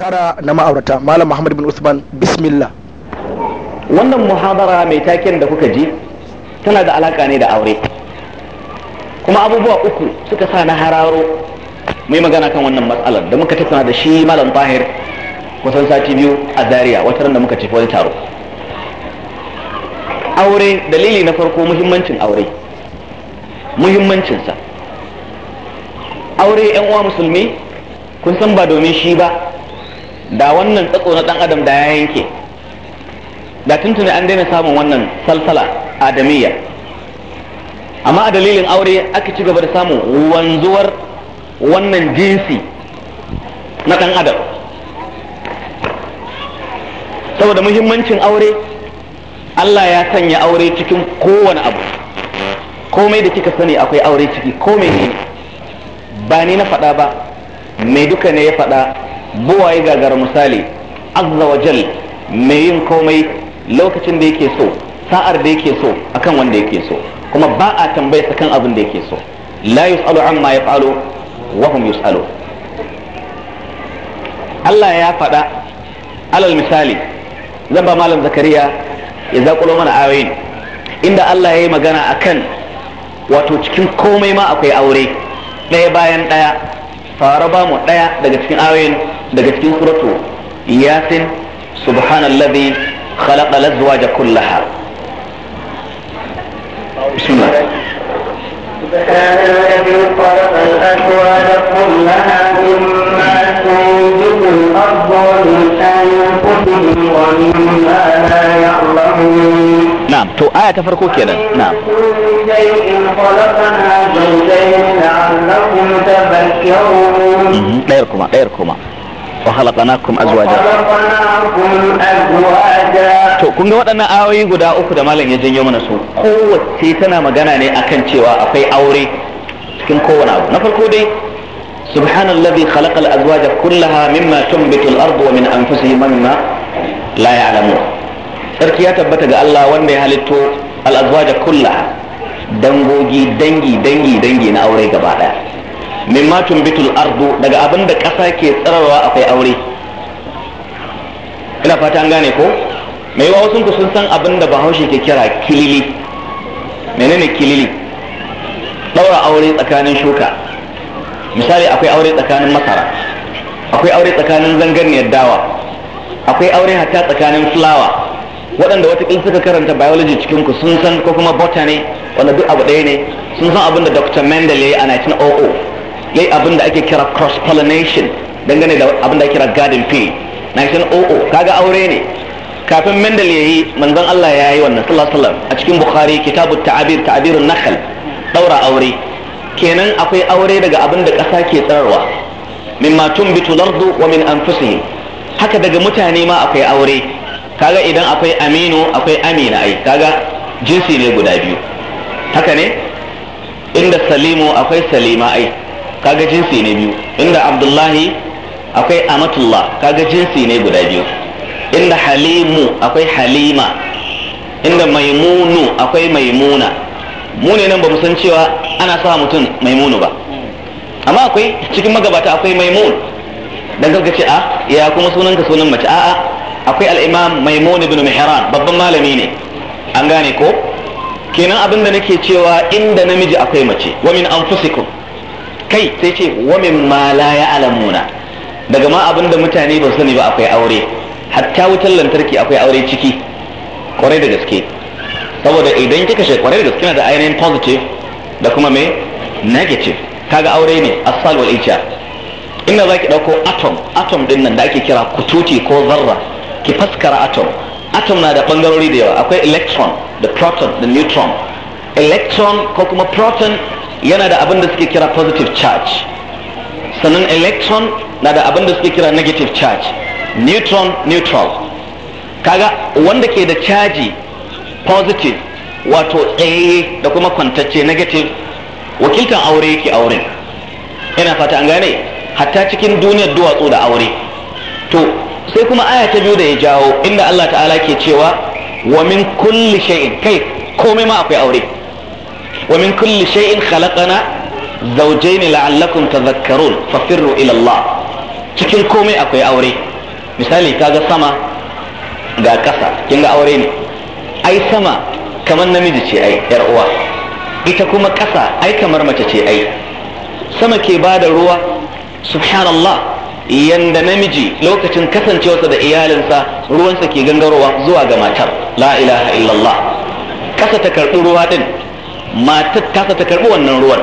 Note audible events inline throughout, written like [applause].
tara na ma'aurata malam muhammad bin usman bismillah wannan muhabara mai taken da kuka ji tana da alaka ne da aure kuma abubuwa uku suka sa na hararo mai magana kan wannan matsalar da muka tattauna da shi malam tahir kusan sati biyu a zaria wata da muka tafi wani taro aure dalili na farko muhimmancin aure muhimmancinsa aure yan uwa musulmi kun san ba domin shi ba da wannan tsatso na dan adam da ya yanke da tuntuni an daina samun wannan salsala adamiya amma a dalilin aure aka ci gaba da samun wanzuwar wannan jinsi na dan adam saboda muhimmancin aure Allah ya sanya aure cikin kowane abu komai da kika sani akwai aure ciki komai ne ba ni na faɗa ba mai duka ne ya faɗa buwaye gagara misali azza wa jal mai yin komai lokacin da yake so sa'ar da yake so akan wanda yake so kuma ba a tambaye sa kan abin da yake so la yus'alu amma yaf'alu wa hum yus'alu Allah ya faɗa alal misali zan ba malam zakariya ya zakulo mana ayoyin inda Allah ya yi magana akan wato cikin komai ma akwai aure ɗaya bayan ɗaya fara ba mu ɗaya daga cikin ayoyin daga cikin suratu yasin allazi khalaqa lazwaja kullaha بسم سبحان الذي خلق الأزواج كلها مما تنبت الأرض ومن أنفسهم ومما لا يعلمون نعم تو آية تفرقوا كده نعم كل شيء خلقنا زوجين لعلكم تذكرون غيركما غيركما وخلقناكم أزواجا to kun ga waɗannan ayoyi guda uku da malam ya janyo mana su kowace tana magana ne akan cewa akwai aure cikin kowane abu na farko dai subhanallazi khalaqal azwaja kullaha mimma tunbitu al-ardu wa min anfusihim mimma la ya'lamun sarki ya tabbata ga Allah wanda ya halitto al-azwaja kullaha dangogi dangi dangi dangi na aure gaba daya matun bitul ardu daga abin da ƙasa ke tsararwa akwai aure ina fata an gane ko mai yawa wasu sun san abin da bahaushe ke kira kilili menene kilili ɗaura aure tsakanin shuka misali akwai aure tsakanin masara akwai aure tsakanin zangarniyar dawa akwai aure hatta tsakanin fulawa waɗanda watakila suka karanta biology cikin ku sun san ko kuma botany wanda duk abu ɗaya ne sun san abin da dr mendel ya yi a 1900 yayi abin da ake kira cross pollination dangane da abin da ake kira garden fee o oh, oh, kaga aure ne kafin Mendel yayi manzon Allah ya yi wannan sallallahu alaihi wasallam a cikin Bukhari kitabu ta'abir ta'birun nakhl daura aure kenan akwai aure daga abin da ƙasa ke tsararwa mimma tunbitu lardu wa min anfusihim haka daga mutane ma akwai aure kaga idan akwai aminu akwai amina ai kaga jinsi ne guda biyu haka ne inda salimu akwai salima ai kaga jinsi ne biyu inda abdullahi akwai amatullah kaga jinsi ne guda biyu inda halimu akwai halima inda maimunu akwai maimuna mu ne nan ba san cewa ana sa mutum maimunu ba amma akwai cikin magabata akwai maimun dan kanka ce a ah, ya kuma sunan ka sunan mace a'a akwai al-imam maimun ibn mihran babban malami ne an gane ko kenan abin da nake cewa inda namiji akwai mace wa min anfusikum kai sai ce wa ma la ya'lamuna daga ma abinda mutane ba sani ba akwai aure hatta wutar lantarki akwai aure ciki kwarai da gaske saboda idan kika shi kwarai da gaske na da ainihin positive da kuma mai negative kaga aure ne a, wal ija inda zaki dauko atom atom din nan da ake kira kututi ko zarra ki faskara atom atom na da bangarori da yawa akwai electron da proton da neutron electron ko kuma proton yana da abin da suke kira positive charge sannan electron na da abin da suke kira negative charge neutron neutral kaga wanda ke da caji positive wato tsaye da kuma kwantacce negative wakiltan aure yake aure yana fata an gane hatta cikin duniyar duwatsu da aure to sai kuma aya ta biyu da ya jawo inda Allah ta'ala ke cewa wa min kulli shay'in kai komai ma akwai aure wa min kulli shay'in khalaqana zawjayn la'allakum tadhakkarun fafirru ila Allah cikin komai akwai aure misali kaga sama ga ƙasa kin aure ne ai sama kamar namiji ce ai yar uwa ita kuma kasa ai kamar mace ce ai sama ke bada ruwa subhanallah yanda namiji lokacin kasancewarsa da iyalinsa ruwansa ke gangarowa zuwa ga matar la ilaha illallah kasa ta karɓi ruwa din matar tasa ta karɓi wannan ruwan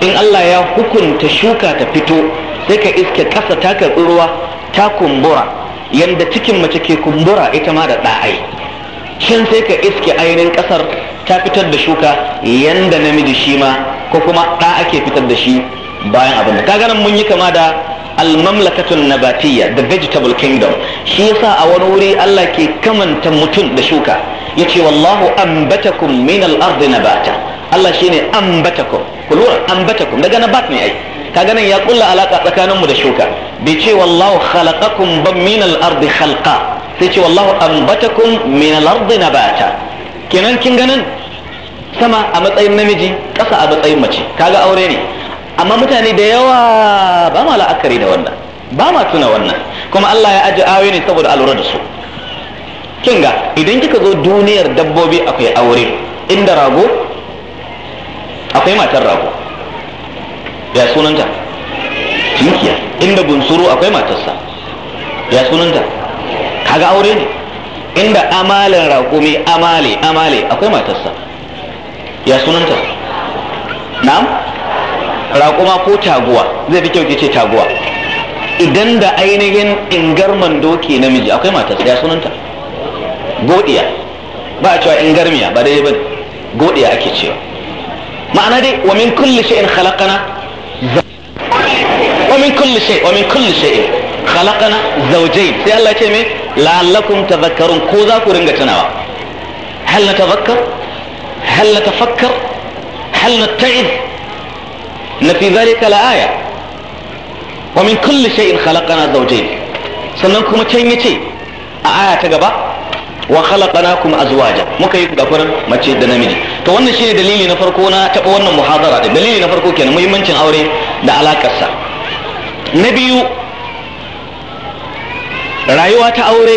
in Allah ya hukunta shuka ta fito sai ka iske kasa ta karɓi ruwa ta kumbura yadda cikin mace ke kumbura ita ma da ɗa'ai can sai ka iske ainihin ƙasar ta fitar da shuka yadda namiji shi ma ko kuma ɗa ake fitar da shi bayan abin da kaga nan mun yi kama da almamlakatun nabatiyya the vegetable kingdom shi yasa a wani wuri Allah ke kamanta mutum da shuka yace wallahu ambatakum min al-ardi nabata Allah shine ambatakum ku lura ambatakum daga na bat ne ai ka ganin ya kulla alaka mu da shuka bi ce wallahu khalaqakum ban min al ard khalqa sai ce wallahu ambatakum min al na nabata kenan kin ganin sama a matsayin namiji ƙasa a matsayin mace kaga aure ne amma mutane da yawa ba ma la'akari da wannan ba ma tuna wannan kuma Allah ya aje aure ne saboda alura da su kinga idan kika zo duniyar dabbobi akwai aure inda rago akwai matar rago ya sunanta tinkiya inda bunsuru akwai matarsa ya sunanta kaga aure ne inda amalin rago mai amale amale akwai matarsa ya sunanta na'am raƙuma ko taguwa zai fi kyau ce taguwa idan da ainihin ingarman doki namiji akwai matarsa ya sunanta godiya ba a cewa ingarmiya ba dai ba godiya ake cewa معنى دي ومن كل شيء خلقنا ومن كل شيء ومن كل شيء خلقنا زوجين سي الله يتي مي إيه؟ لعلكم تذكرون كو ذاكو رنجا تناوا هل نتذكر هل نتفكر هل نتعذ إن في ذلك لآية ومن كل شيء خلقنا زوجين سننكم kuma can ya ce wa khalaqnakum azwaja muka yi ku gafar mace da namiji to wannan shine dalili na farko na taba wannan muhadara da dalili na farko kenan muhimmancin aure da alakarsa na biyu rayuwa ta aure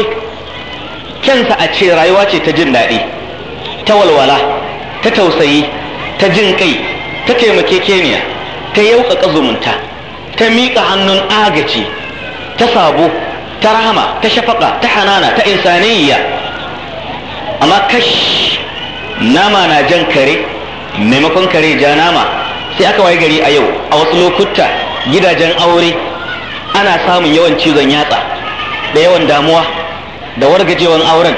kyansa a ce rayuwa ce ta jin daɗi ta walwala ta tausayi ta jin kai ta taimake keniya ta yauƙaƙa zumunta ta miƙa hannun agaci ta sabo ta rahama ta shafaka ta hanana ta insaniyya amma kash nama na jan kare maimakon kare ja nama sai aka waye gari a yau a wasu lokuta gidajen aure ana samun yawan cizon yatsa da yawan damuwa da wargajewan auren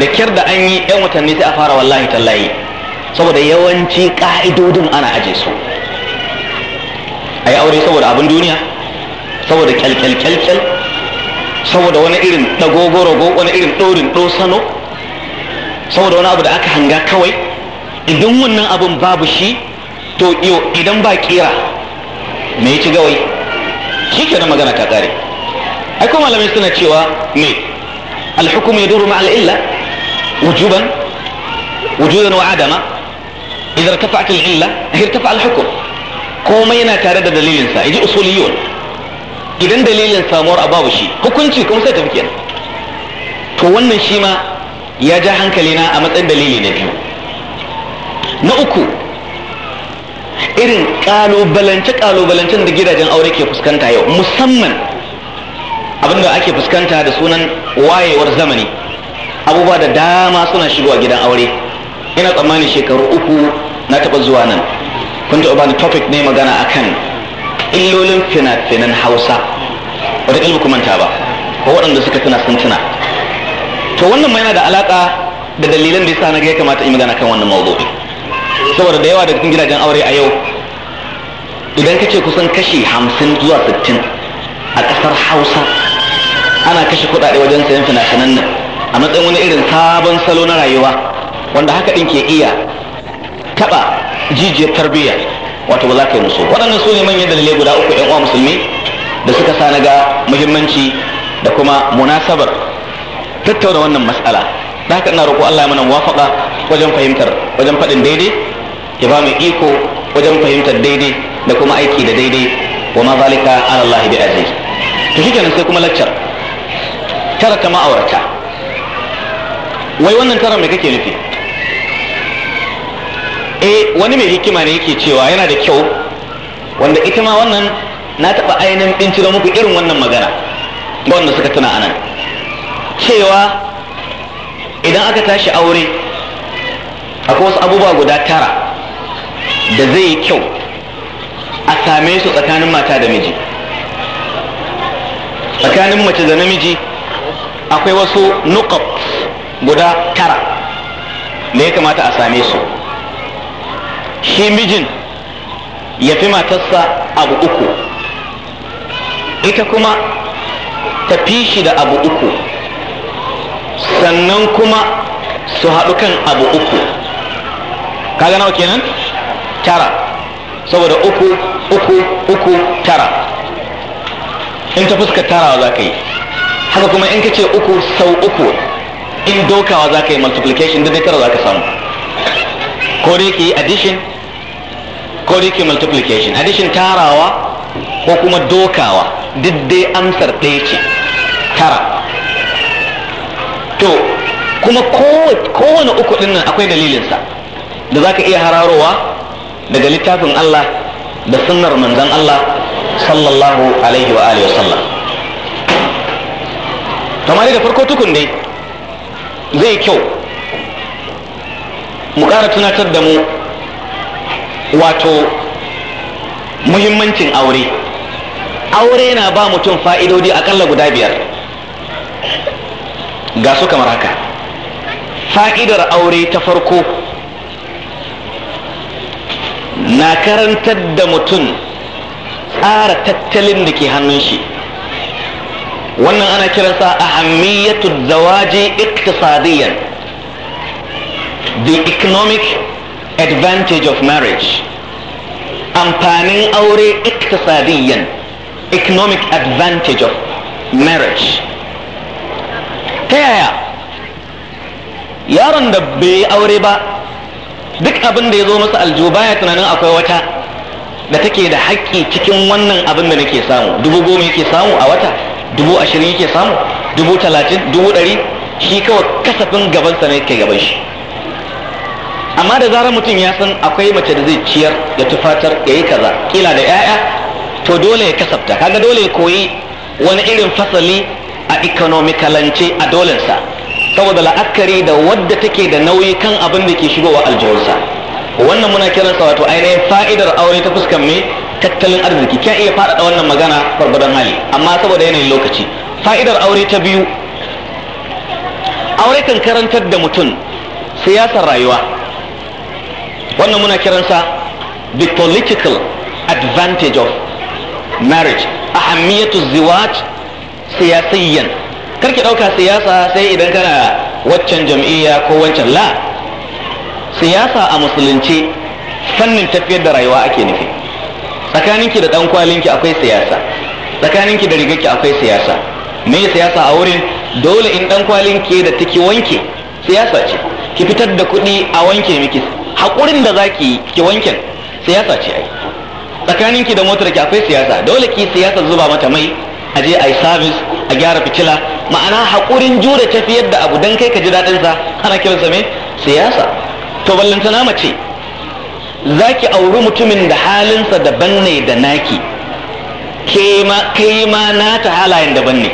da kyar da an yi 'yan watanni sai a fara wallahi tallahi saboda yawanci ka'idodin ana aje su a yi aure saboda abin duniya saboda kyalkyalkyalkyal saboda wani irin dagogorogo wani irin ɗorin ɗosano saboda wani abu da aka hanga kawai idan wannan abun babu shi to iyo idan ba kira me ci gawai shi ke magana ta ƙare ai kuma malamai suna cewa me alhukum ya duru ma'al illa wujuban wujudan wa adama idan irtafa'at al-illa irtafa fa'al hukum komai yana tare da dalilinsa yaji usuliyun idan dalilin samuwar a babu shi hukunci kuma sai tafi kenan to wannan shi ma ya ja hankali na a matsayin dalili na biyu na uku irin kalubalance kalubalancen da gidajen aure ke fuskanta yau musamman abinda ake fuskanta da sunan wayewar zamani abubuwa da dama suna shigowa gidan aure ina tsammanin shekaru uku na taba zuwa nan kun taɓa bani topic ne magana akan illolin fina-finan hausa wata ilmi kumanta ba ko waɗanda suka tuna sun tuna to wannan ma yana da alaƙa da dalilan da yasa na ga ya kamata in magana kan wannan mawdu'i saboda da yawa daga cikin gidajen aure a yau idan ka kace kusan kashi hamsin zuwa sittin a ƙasar hausa ana kashe kuɗaɗe wajen sayan fina-finan nan a matsayin wani irin sabon salo na rayuwa wanda haka ɗin ke iya taɓa jijiyar tarbiyya wato ba za ka yi musu waɗannan su ne manyan dalilai guda uku ɗan uwa musulmi da suka sa ga muhimmanci da kuma munasabar tattauna wannan mas'ala da haka ina roƙo Allah ya mana muwafaqa wajen fahimtar wajen faɗin daidai ya ba mu iko wajen fahimtar daidai da kuma aiki da daidai wa ma zalika ala Allah bi aziz to shi sai kuma laccar tara ta ma'aurata wai wannan tara me kake nufi eh wani mai hikima ne yake cewa yana da kyau wanda ita ma wannan na taɓa ainihin cire muku irin wannan magana ga wanda suka tuna anan cewa idan aka tashi aure akwai wasu abubuwa guda tara da zai yi kyau a same su tsakanin mata da miji tsakanin mace da namiji akwai wasu nukop guda tara da ya kamata a same su shi mijin ya fi matarsa abu uku ita kuma ta fi shi da abu uku sannan kuma su haɗu kan abu uku kaga nawa kenan tara saboda uku uku uku tara in ta fuska tarawa za ka yi haka kuma in ka ce uku sau uku in dokawa za ka yi multiplication da tara za ka samu ko dai yake yi addition ko multiplication addition tarawa ko kuma dokawa duk dai amsar ɗaya ce tara to kuma kowane uku ɗin nan akwai dalilinsa da za ka iya hararowa daga littafin Allah da sunnar manzan Allah sallallahu alaihi wa alihi wasallam kamar da farko tukun dai zai kyau mu ƙara tunatar da mu wato muhimmancin aure aure na ba mutum fa'idodi a akalla guda biyar ga su kamar haka fa'idar aure ta farko na karantar da mutum tsara tattalin da ke hannun shi wannan ana kiransa a hamiyyatu zawaji iktisadiyyar the economic advantage of marriage amfanin aure iktisadiyyan economic advantage of marriage ta yaya yaron da bai aure ba duk abin da ya zo masa aljo baya tunanin akwai wata da take da haƙƙi cikin wannan abin da nake samu dubu goma yake samu a wata dubu ashirin yake samu dubu talatin dubu ɗari shi kawai kasafin gabansa ne ke gaban shi amma da zarar mutum ya san akwai mace da zai ciyar ya tufatar ya yi kaza kila da 'ya'ya to dole ya kasafta kaga dole ya koyi wani irin fasali a ikonomikalance a dolensa saboda la'akari da wadda take da nauyi kan abin da ke shigowa aljihunsa wannan muna sa wato ainihin fa'idar aure ta fuskan me tattalin arziki kyan iya faɗaɗa wannan magana gwargwadon hali amma saboda yanayin lokaci fa'idar aure ta biyu aure kan karantar da mutum siyasar rayuwa wannan muna kiransa the political advantage of marriage ahammiyatu ziwaj siyasiyyan karki ɗauka siyasa sai idan kana waccan jam'iyya ko wancan la siyasa a musulunci fannin tafiyar da rayuwa ake nufi tsakaninki da ɗan kwalinki akwai siyasa tsakaninki da rigarki akwai siyasa me siyasa a wurin dole in ɗan kwalinki da take wanke siyasa ce ki fitar da kuɗi a wanke miki haƙurin da za ki ki wankin siyasa ce ai tsakanin ki da motar ki akwai siyasa dole ki siyasa zuba mata mai a je a yi sabis a gyara fitila ma'ana haƙurin jure tafiyar da abu dan kai ka ji daɗin sa ana kiransa me siyasa to ballantana mace za ki auri mutumin da halinsa daban ne da naki kai ma nata halayen daban ne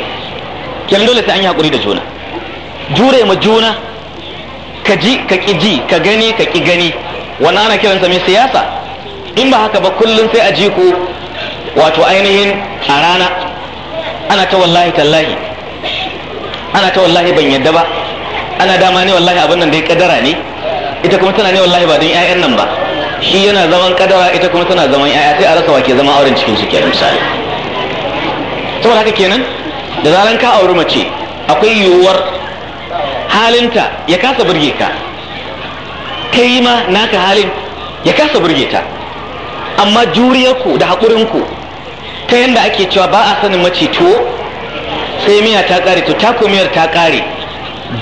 kenan dole sai an yi haƙuri da juna jure ma juna ka ji ka ki ji ka gani ka ki gani wannan ana kiransa mai siyasa in ba haka ba kullum sai a ji ku wato ainihin a rana ana ta wallahi tallahi ana ta wallahi ban yadda ba ana dama ne wallahi abin nan dai kadara ne ita kuma tana ne wallahi ba don 'ya'yan nan ba shi yana zaman kadara ita kuma tana zaman 'ya'ya sai a rasa wa ke zama auren cikin su kenan misali saboda haka kenan da zaran ka auri mace akwai yiwuwar halinta ya kasa burge ka kai ma naka halin ya kasa burge ta amma juriyarku da haƙurinku ta yadda ake cewa ba a sanin mace tuwo sai miya ta ƙare to ta miyar ta ƙare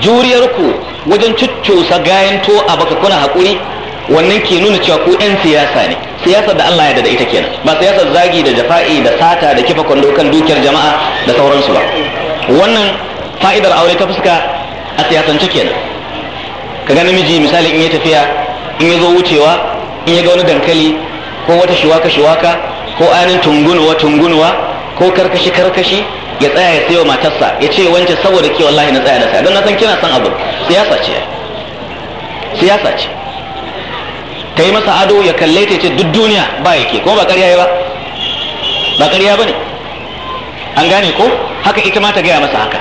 juriyarku wajen cuccusa gayan to a baka kuna haƙuri wannan ke nuna cewa ko 'yan siyasa ne siyasar da Allah ya da ita kenan ba siyasa zagi da jafa'i da sata da kifa kwando kan dukiyar jama'a da sauransu ba wannan fa'idar aure ta fuska a siyasance kenan ka ga namiji misali in ya tafiya in ya zo wucewa in ya ga wani dankali ko wata shiwaka shiwaka ko anin tungunuwa tungunuwa ko karkashi karkashi ya tsaya ya sayo matarsa ya ce wance saboda ke wallahi na tsaya na tsaya don na san kina son abu siyasa ce siyasa ce ta yi masa ado ya kalle ta ce duk duniya ba ya ke kuma ba ƙarya ba ba ƙarya ba ne an gane ko haka ita ma ta gaya masa haka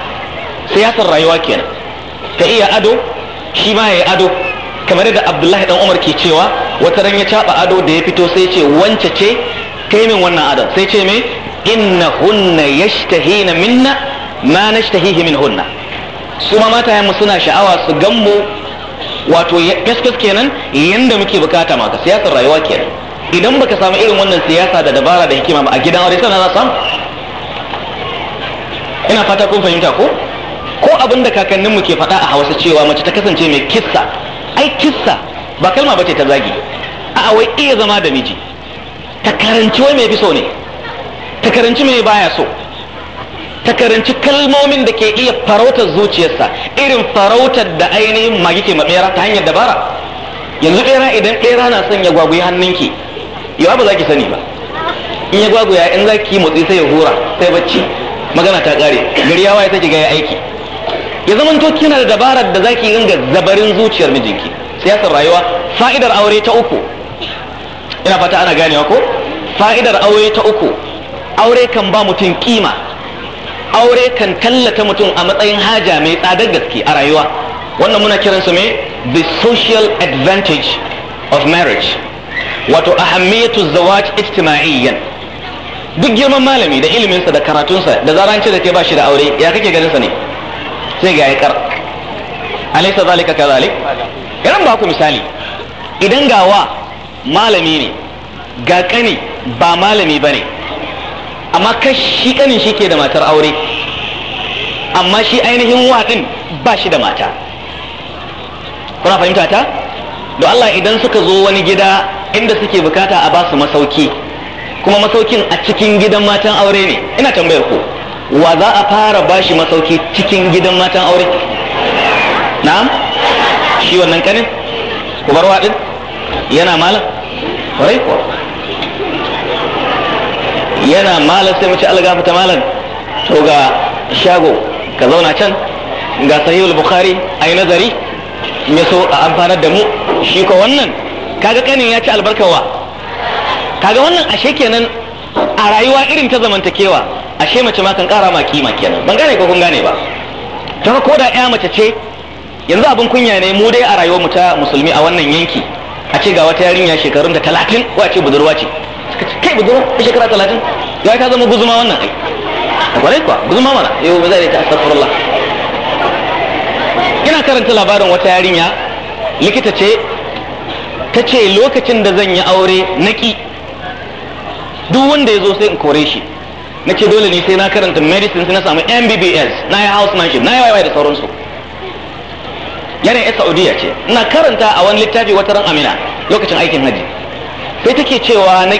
siyasar rayuwa kenan Ka iya ado shi ma ya yi ado kamar yadda abdullahi dan umar ke cewa wata ran ya caba ado da ya fito sai ce wance ce kai min wannan ado sai ce mai inna hunna yashtahina minna ma nashtahihi min hunna su ma mata mu suna sha'awa su gambo wato kaskas kenan yanda muke bukata maka siyasar rayuwa kenan idan baka samu irin wannan siyasa da dabara da hikima ba a gidan aure sana za samu ina fata kun fahimta ko ko abin da kakanninmu ke faɗa a hausa cewa mace ta kasance mai kissa ai kissa ba kalma bace ta zagi a wai iya zama da miji ta karanci wai mai biso ne ta karanci mai baya so ta karanci kalmomin da ke iya farautar zuciyarsa irin farautar da ainihin magi ke maɓera ta hanyar dabara yanzu bera idan bera na son ya gwagwaye hannunki yawa ba za ki sani ba in ya gwagwaya in za ki motsi sai ya hura sai bacci magana ta kare gari ya waye sai ki aiki ya zamanto kina da dabarar da zaki ringa zabarin zuciyar mijinki siyasar rayuwa fa'idar aure ta uku ina fata ana ganewa ko fa'idar aure ta uku aure kan ba mutum kima aure kan tallata mutum a matsayin haja mai tsadar gaske a rayuwa wannan muna kiransa me the social advantage of marriage wato ahammiyatu zawaj ijtima'iyyan duk girman malami da iliminsa da karatunsa da zaranci da ke ba shi da aure ya kake ganin sa ne sai ga ya kar alaysa kaza kadhalik idan ba ku misali idan ga wa malami ne ga kani ba malami ba ne amma shi kanin shi ke da matar aure amma shi ainihin wa ɗin ba shi da mata kuna fahimta ta da Allah idan suka zo wani gida inda suke bukata a basu masauki kuma masaukin a cikin gidan matan aure ne ina tambayar ku wa za a fara bashi masauki cikin gidan matan aure na'am shi wannan kanin kubarwa din yana mala kwarai yana malam sai mace algafa ta malam to ga shago ka zauna can ga sahihul bukhari a yi nazari ya so a amfanar da mu shi ko wannan kaga kanin ya ci albarkawa kaga wannan ashe kenan a rayuwa irin ta zamantakewa ashe mace ma kan kara ma kima kenan ban gane ko kun gane ba ta ko da ya mace ce yanzu abin kunya ne mu dai a rayuwar mu ta musulmi a wannan yanki a ce ga wata yarinya shekarun da talatin ko a ce budurwa ce kai budurwa a shekara talatin ya ta zama guzuma wannan ai Akwai kwarai kuwa guzuma mana yau ba zai ta astaghfirullah ina karanta labarin wata yarinya likita ce ta ce lokacin da zan yi aure naki duk wanda ya zo sai in kore shi na ce dole ne sai na karanta medicine sai na samu mbbs na yi house housemanship na yi waiwai da sauransu yana ya saudiya ce ina karanta a wani littafi wata ran amina lokacin aikin haji sai take cewa na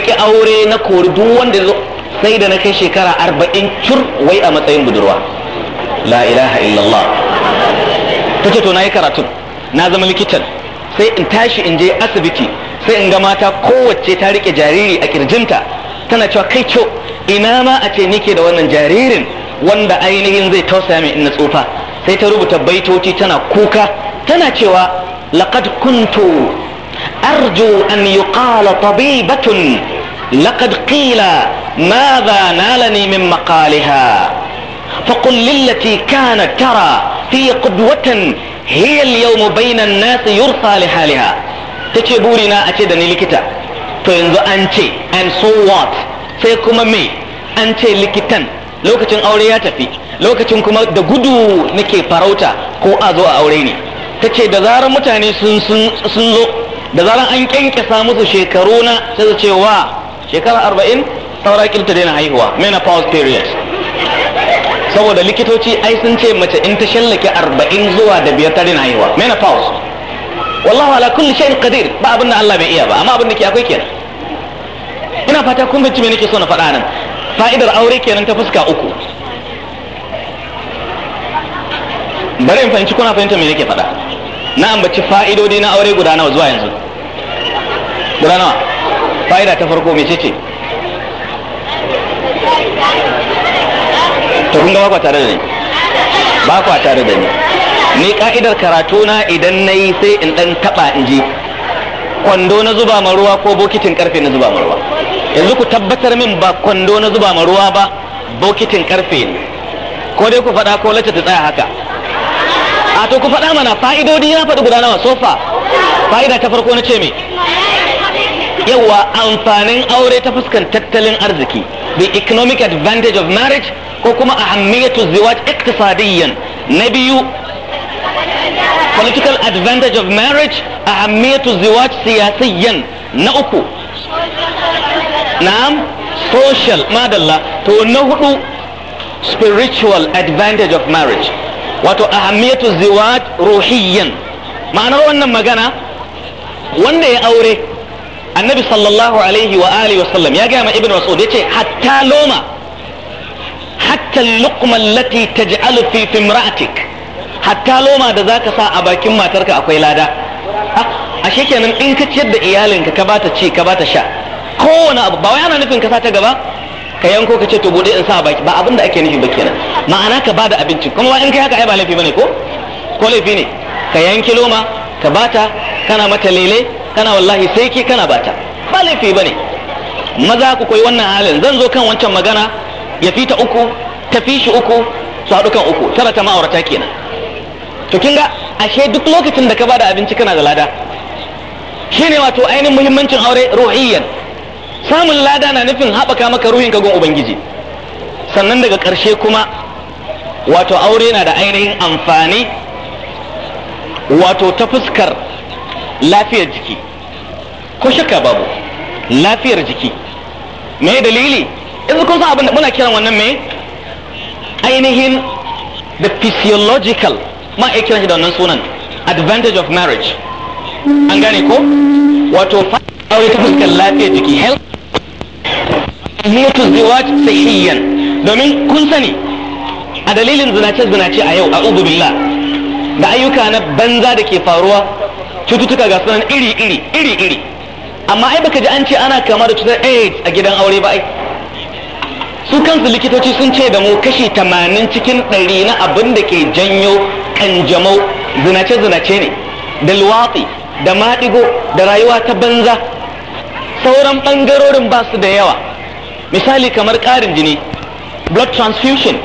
ki aure na kori duk wanda ya zo sai da na kai shekara arba'in cur wai a matsayin budurwa la ilaha illallah ta ce to na yi karatun na zama likitan sai in tashi in je asibiti sai in ga mata kowace ta rike jariri a kirjinta tana cewa kai co ina ma a ce nike da wannan jaririn wanda ainihin zai tausaya min in na tsufa sai ta rubuta baitoci tana kuka tana cewa laqad kuntu arju an yuqala tabibatun laqad qila madha nalani min maqaliha فقل للتي كانت ترى في قدوة هي اليوم بين الناس يرثى لحالها ta ce burina a ce da ni likita to yanzu an ce and so what sai kuma me an ce likitan lokacin aure ya tafi lokacin kuma da gudu nake farauta ko a zo a aure ne ta ce da zarar mutane sun zo da zarar an kyankyasa musu shekaru na sai su ce wa shekara arba'in saura kilta daina haihuwa menopause period saboda likitoci ai sun ce mace in ta shallake arba'in zuwa da biyar ta daina haihuwa menopause wallahu ala kulli shay'in qadir ba abin da Allah bai iya ba amma abin da ke akwai kenan ina fata kun binci me nake so na faɗa nan fa'idar aure kenan ta fuska uku bari in fahimci kuna fahimta me nake faɗa na ambaci fa'idodi na aure guda nawa zuwa yanzu guda nawa fa'ida ta farko me ce Ta kun ga ba kwa tare da ni ba kwa tare da ni ni ka'idar karatu na idan na yi sai in dan taba in je. kwando na zuba ma ruwa ko bokitin karfe na zuba ma ruwa yanzu ku tabbatar min ba kwando na zuba ma ruwa ba bokitin karfe ne ko dai ku faɗa ko lacce ta tsaya haka a to ku faɗa mana fa'idodi na faɗi guda nawa sofa fa'ida ta farko na ce me yawa amfanin aure ta fuskan tattalin arziki the economic advantage of marriage ko kuma ahammiyatu ziwaj iktisadiyyan na biyu political advantage of marriage أهمية الزواج سياسيا نأكو نعم social ماذا الله spiritual advantage of marriage wato ahammiyatu ziwaj ruhiyyan ma'anar wannan magana wanda ya aure annabi sallallahu alaihi wa alihi wa sallam ya gaya ma ibnu mas'ud yace hatta loma hatta luqma lati taj'alu fi imra'atik hatta loma da za ka sa a bakin matarka akwai lada ah, ashe kenan in ka ciyar da iyalinka ka bata ci ka bata sha kowane abu ba wai ana nufin ka sa ta gaba ka yanko ka ce to bude in sa a baki ba abin da ake nufi ba kenan ma'ana ka bada abinci kuma in kai haka ai ba laifi bane ko ko laifi ne ka yanki loma ka bata kana mata lele kana wallahi sai ke kana bata ba laifi bane maza ku koyi wannan halin zan zo kan wancan magana ya fita uku ta shi uku su haɗu kan uku tara ta ma'aurata kenan to kin ga ashe duk lokacin da ka bada abinci kana da lada shine wato ainihin muhimmancin aure ruhiyyan samun lada na nufin haɓaka maka ruhin kagon ubangiji sannan daga ƙarshe kuma wato aure na da ainihin amfani wato ta fuskar lafiyar jiki ko shakka babu lafiyar jiki me dalili yanzu kun san abin da muna kiran wannan me ainihin the physiological man iya kiran shi da wannan sunan advantage of marriage an gane ko wato aure ta fuskar lafiyar jiki health ziwaj sahiyan domin kun sani a dalilin zinace zinace a yau a billah da ayyuka na banza da ke faruwa cututtuka ga sunan iri iri iri iri amma ai baka ji an ce ana kama da cutar aids a gidan aure ba ai su kansu likitoci sun ce da mu kashi tamanin cikin ɗari na abin da ke janyo kanjamau zinace-zinace ne da luwatsi da maɗigo da rayuwa ta banza sauran ɓangarorin ba su da yawa misali kamar ƙarin jini blood transfusion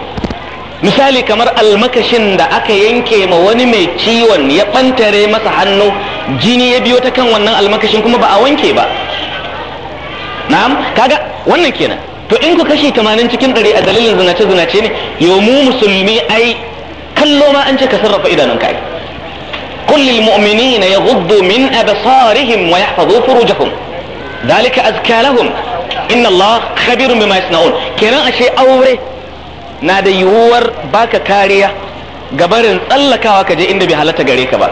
misali kamar almakashin da aka yanke ma wani mai ciwon ya ɓantare masa hannu jini ya biyo ta kan wannan almakashin kuma ba a wanke ba na'am kaga wannan kenan to in ku kashi 80 cikin 100 a dalilin zinace-zinace ne yau mu musulmi ai kallo ma an ce ka sarrafa idanunka ai قل للمؤمنين يغضوا من أبصارهم ويحفظوا فروجهم ذلك أزكى لهم إن الله خبير kenan ashe aure na da نادى baka kariya ga barin tsallakawa ka je inda bai halarta gare ka ba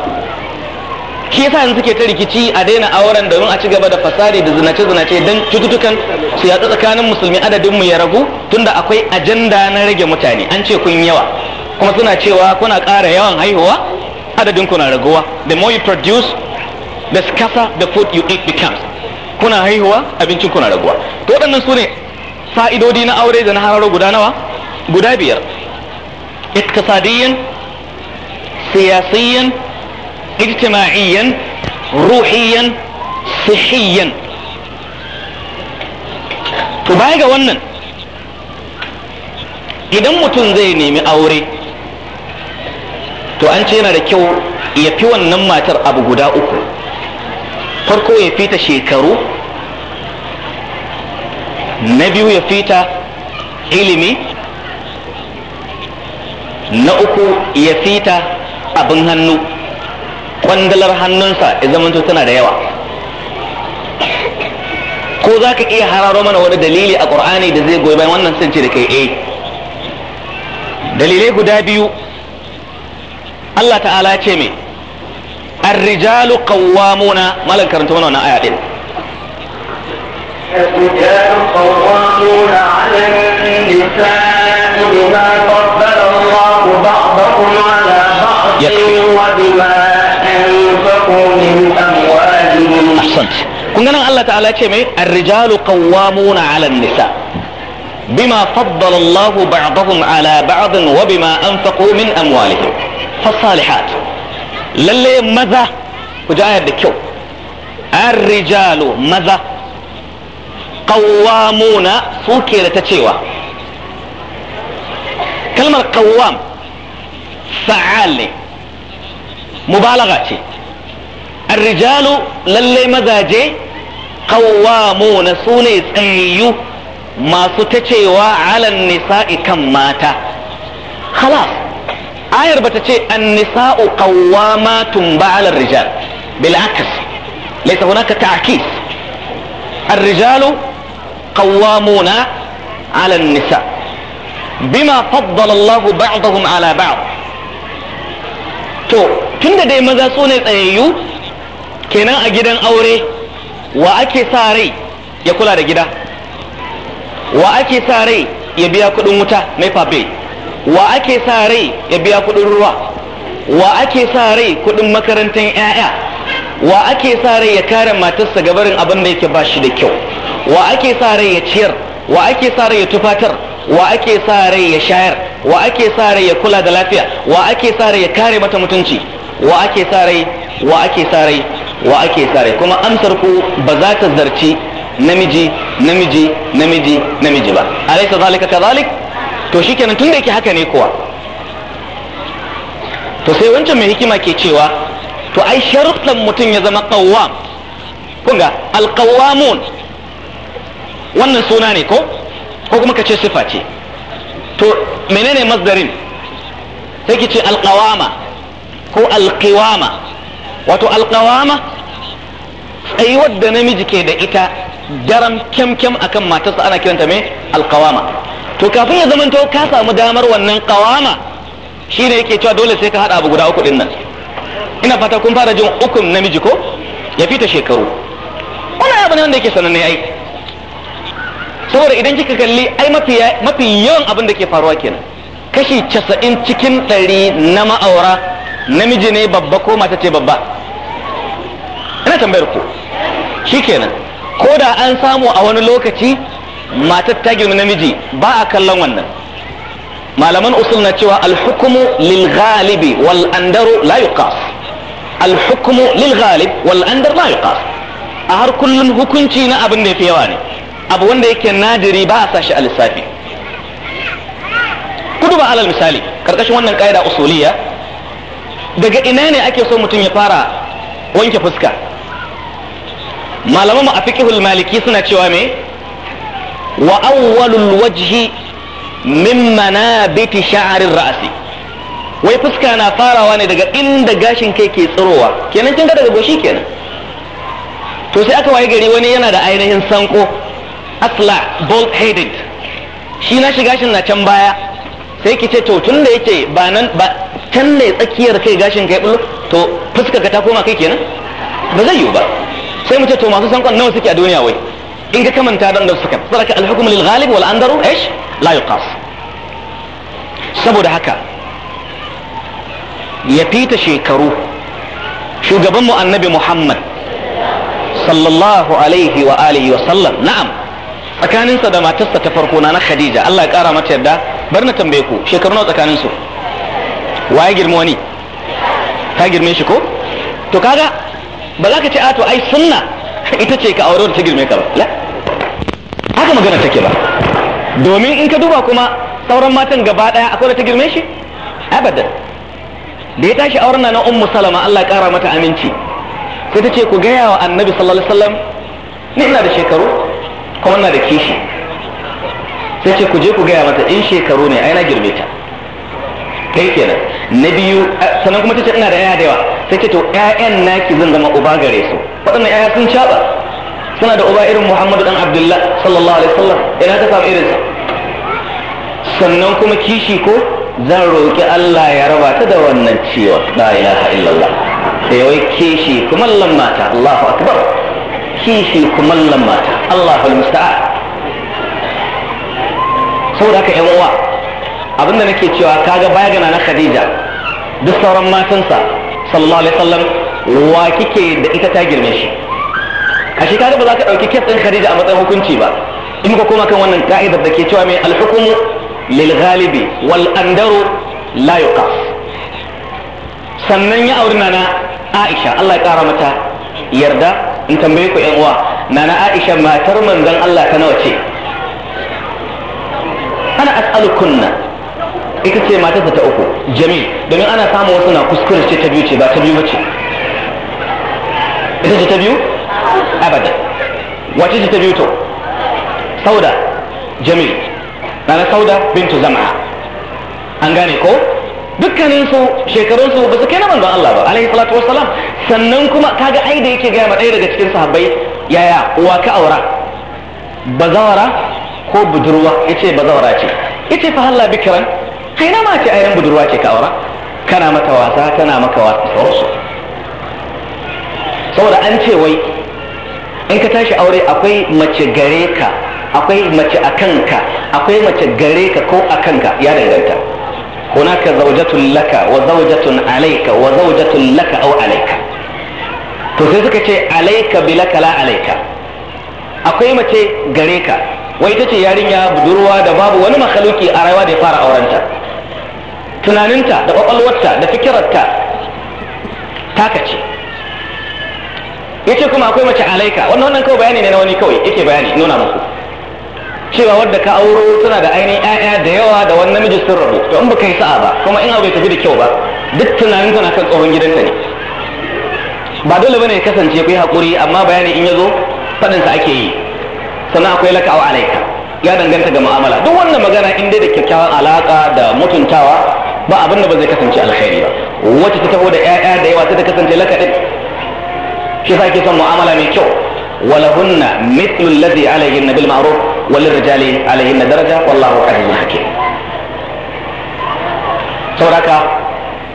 ke yasa yanzu ke ta rikici a daina auren domin a ci gaba da fasari da zinace zinace dan cututtukan su yaɗu tsakanin musulmi adadin mu ya ragu tunda akwai ajanda na rage mutane an ce kun yawa kuma suna cewa kuna ƙara yawan haihuwa adadin kuna raguwa the more you produce the scatter the food you eat becomes kuna haihuwa abincin kuna raguwa to waɗannan su ne fa'idodi na aure da na hararo guda nawa guda biyar iktisadiyyan siyasiyyan ijtima'iyyan ruhiyyan sihiyyan to baya ga wannan idan mutum zai nemi aure to an ce yana da kyau ya fi wannan matar abu guda uku farko ya fita shekaru na biyu ya fita ilimi na uku ya fita abin hannu kwandalar hannunsa ya zamanto tana da yawa ko za ka iya hararo mana wani dalili a ƙur'ani da zai goyi bayan wannan sun ce da kai eh dalilai guda biyu Allah ta'ala ce me الرجال قوامون ما لن كرنتم من آية دين الرجال قوامون على النساء بما فضل الله بعضكم على بعض وبما أنفقوا من أموالهم أحسنت kun ganin Allah ta'ala ce mai arrijalu qawwamuna 'ala nisa bima faddala Allahu ba'dahum 'ala ba'd wa bima anfaqu min amwalihim فالصالحات للي ماذا وجاية بكو الرجال ماذا قوامون فوكي لتشيوا كلمة قوام فعالي مبالغاتي الرجال للي ماذا جي قوامون سوني سيو ما ستشيوا على النساء كم مات خلاص ayar bata ce an-nisa'u qawwamatun 'ala ar-rijal bil laysa hunaka ليس ar-rijalu qawwamuna 'ala an-nisa bima faddala Allahu ba'dahum 'ala ba'd to tunda dai maza so ne tsayayyu kenan a gidan aure wa ake sa rai ya kula da gida wa ake sa rai ya biya kudin wuta mai fabe wa ake sa rai ya biya kuɗin ruwa wa ake sa rai kuɗin makarantar 'ya'ya wa ake sa rai ya kare matarsa gabarin abin da yake bashi da kyau wa ake sa rai ya ciyar wa ake sa rai ya tufatar wa ake sa rai ya shayar wa ake sa rai ya kula da lafiya wa ake sa rai ya kare mata mutunci wa ake sa rai wa ake sa rai wa ake sa rai kuma amsar ku ba za ta zarci namiji namiji namiji namiji ba alaysa zalika kadhalik to shikenan tun da yake haka ne kuwa to sai wancan mai hikima ke cewa to ai sharuɗan mutum ya zama qawwam kun ga wannan suna ne ko ko kuma ka ce sifa ce to menene masdarin sai ki ce alƙawama, ko alƙiwama, wato alƙawama tsayuwar da namiji ke da ita daram kyamkyam akan matarsa ana kiranta mai alƙawama. to kafin ya zamanto ka samu damar wannan kawama shine yake cewa dole sai ka hada abu guda uku din nan ina fata kun fara jin ukun namiji ko ya fita shekaru wani abu ne wanda yake sananne ai saboda idan kika kalli ai mafi yawan abin da ke faruwa kenan kashi casa'in cikin ɗari na ma'aura namiji ne babba ko mata ce babba ina tambayar ku shi kenan ko da an samu a wani lokaci matar ta girma namiji ba a kallon wannan malaman usul na cewa alhukumu lil ghalibi wal andaru la yuqas alhukumu lil ghalib wal andar la yuqas a har kullun hukunci na abin da yafi yawa ne abu wanda yake nadiri ba a sashi alisafi. lissafi kudu ba alal misali karkashin wannan kaida usuliya daga ina ne ake so mutum ya fara wanke fuska malaman mu a fiqhul maliki suna cewa me wa awwalul wajhi min manabiti sha'arin ra'asi wai fuska na farawa ne daga inda gashin kai ke tsirowa kenan kin ga daga goshi kenan to sai aka waye gari wani yana da ainihin sanko asla bold headed shi na shi gashin na can baya sai ki ce to tun da yake ba nan ba can ne tsakiyar kai gashin kai bullo to fuska ka ta koma kai kenan ba zai yiwu ba sai mu ce to masu sankon nawa suke a duniya wai in ka kamanta dan da suka saraka al-hukm lil ghalib wal andaru ايش la yuqas saboda haka ya fita shekaru shugaban mu annabi Muhammad sallallahu alaihi wa alihi wa sallam na'am tsakaninsa da matarsa ta farko na Khadija Allah ya kara mata yadda bar na tambaye ku shekaru nawa tsakanin su waye girma wani ta girme shi ko to kaga ba za ka ce a to ai sunna ita ce ka aure ta girme ka ba haka magana take ba domin in ka duba kuma sauran matan gaba daya akwai da ta girme shi abadan da ya tashi auren na ummu salama Allah kara mata aminci sai ta ce ku gaya wa annabi sallallahu alaihi wasallam ni ina da shekaru kuma ina da kishi sai ce ku je ku gaya mata in shekaru ne ai na girme ta kai kenan na biyu sannan kuma ta ce ina da yaya da yawa sai ce to ƴaƴan naki zan zama uba gare su waɗannan ƴaƴa sun caɓa suna da uba irin muhammadu dan abdullah sallallahu alaihi wasallam ina ta samu irinsa sannan kuma kishi ko zan roƙi Allah ya raba ta da wannan ciwon la ilaha illallah sai wai kishi kuma mata Allahu akbar kishi kuma mata Allahu musta'an saboda haka yan uwa abinda nake cewa kaga baya gana na Khadija duk sauran matansa sallallahu alaihi wasallam wa kike da ita ta girme shi a kaga ba za ka ɗauki kes ɗin Khadija a matsayin hukunci ba in ka koma kan wannan ka'idar da ke cewa mai alhukumu hukmu lil ghalibi wal andaru la yuqaf sannan ya auri nana Aisha Allah ya kara mata yarda in tambaye ku ƴan uwa nana Aisha matar manzon Allah ta nawa ce ana as'alukunna ita ce matarsa ta uku jami domin ana samun wasu na kuskure ce ta biyu ce ba ta biyu ba ce ita ce ta biyu abada wace ce ta biyu to sauda na na sauda bintu zama an gane ko dukkanin su shekarun su ba su kai na manzon Allah ba alaihi salatu wassalam sannan kuma kaga ai da yake gaya ma ɗaya daga cikin sahabbai yaya uwa ka aura bazawara ko budurwa yace bazawara ce yace fa halla bikran kai na ma ce ayan budurwa ce ka aura kana mata wasa kana maka wasa saboda an ce wai in ka tashi aure akwai mace gare ka akwai mace a kanka akwai mace gare ka ko a kanka ya danganta hunaka zaujatun laka wa zaujatun alaika wa zaujatun laka au alaika. to sai suka ce alaika bilaka la alaika akwai mace gare ka wai ta ce yarinya budurwa da babu wani makhaluki a rayuwa da ya fara aurenta tunaninta da kwakwalwarta da fikirarta ka ce yace kuma akwai mace alaika wannan wannan kawai bayani ne na wani kawai yake bayani nuna muku cewa wadda ka auro tana da ainihin ƴaƴa da yawa da wani namiji sun rabu to in baka yi sa'a ba kuma in abu bai tafi da kyau ba duk tunanin tana kan tsohon gidanta ne ba dole bane ya kasance ku hakuri amma bayani in ya zo sa ake yi sannan akwai laka aw alaika ya danganta ga mu'amala duk wannan magana in dai da kyakkyawan alaka da mutuntawa ba abin da ba zai kasance alkhairi ba wacce ta taho da ƴaƴa da yawa sai ta kasance laka din shi sa ke son mu'amala mai kyau walahunna mithlu alladhi alayhin bil ma'ruf wal rijali alayhin daraja wallahu azizun hakim sauraka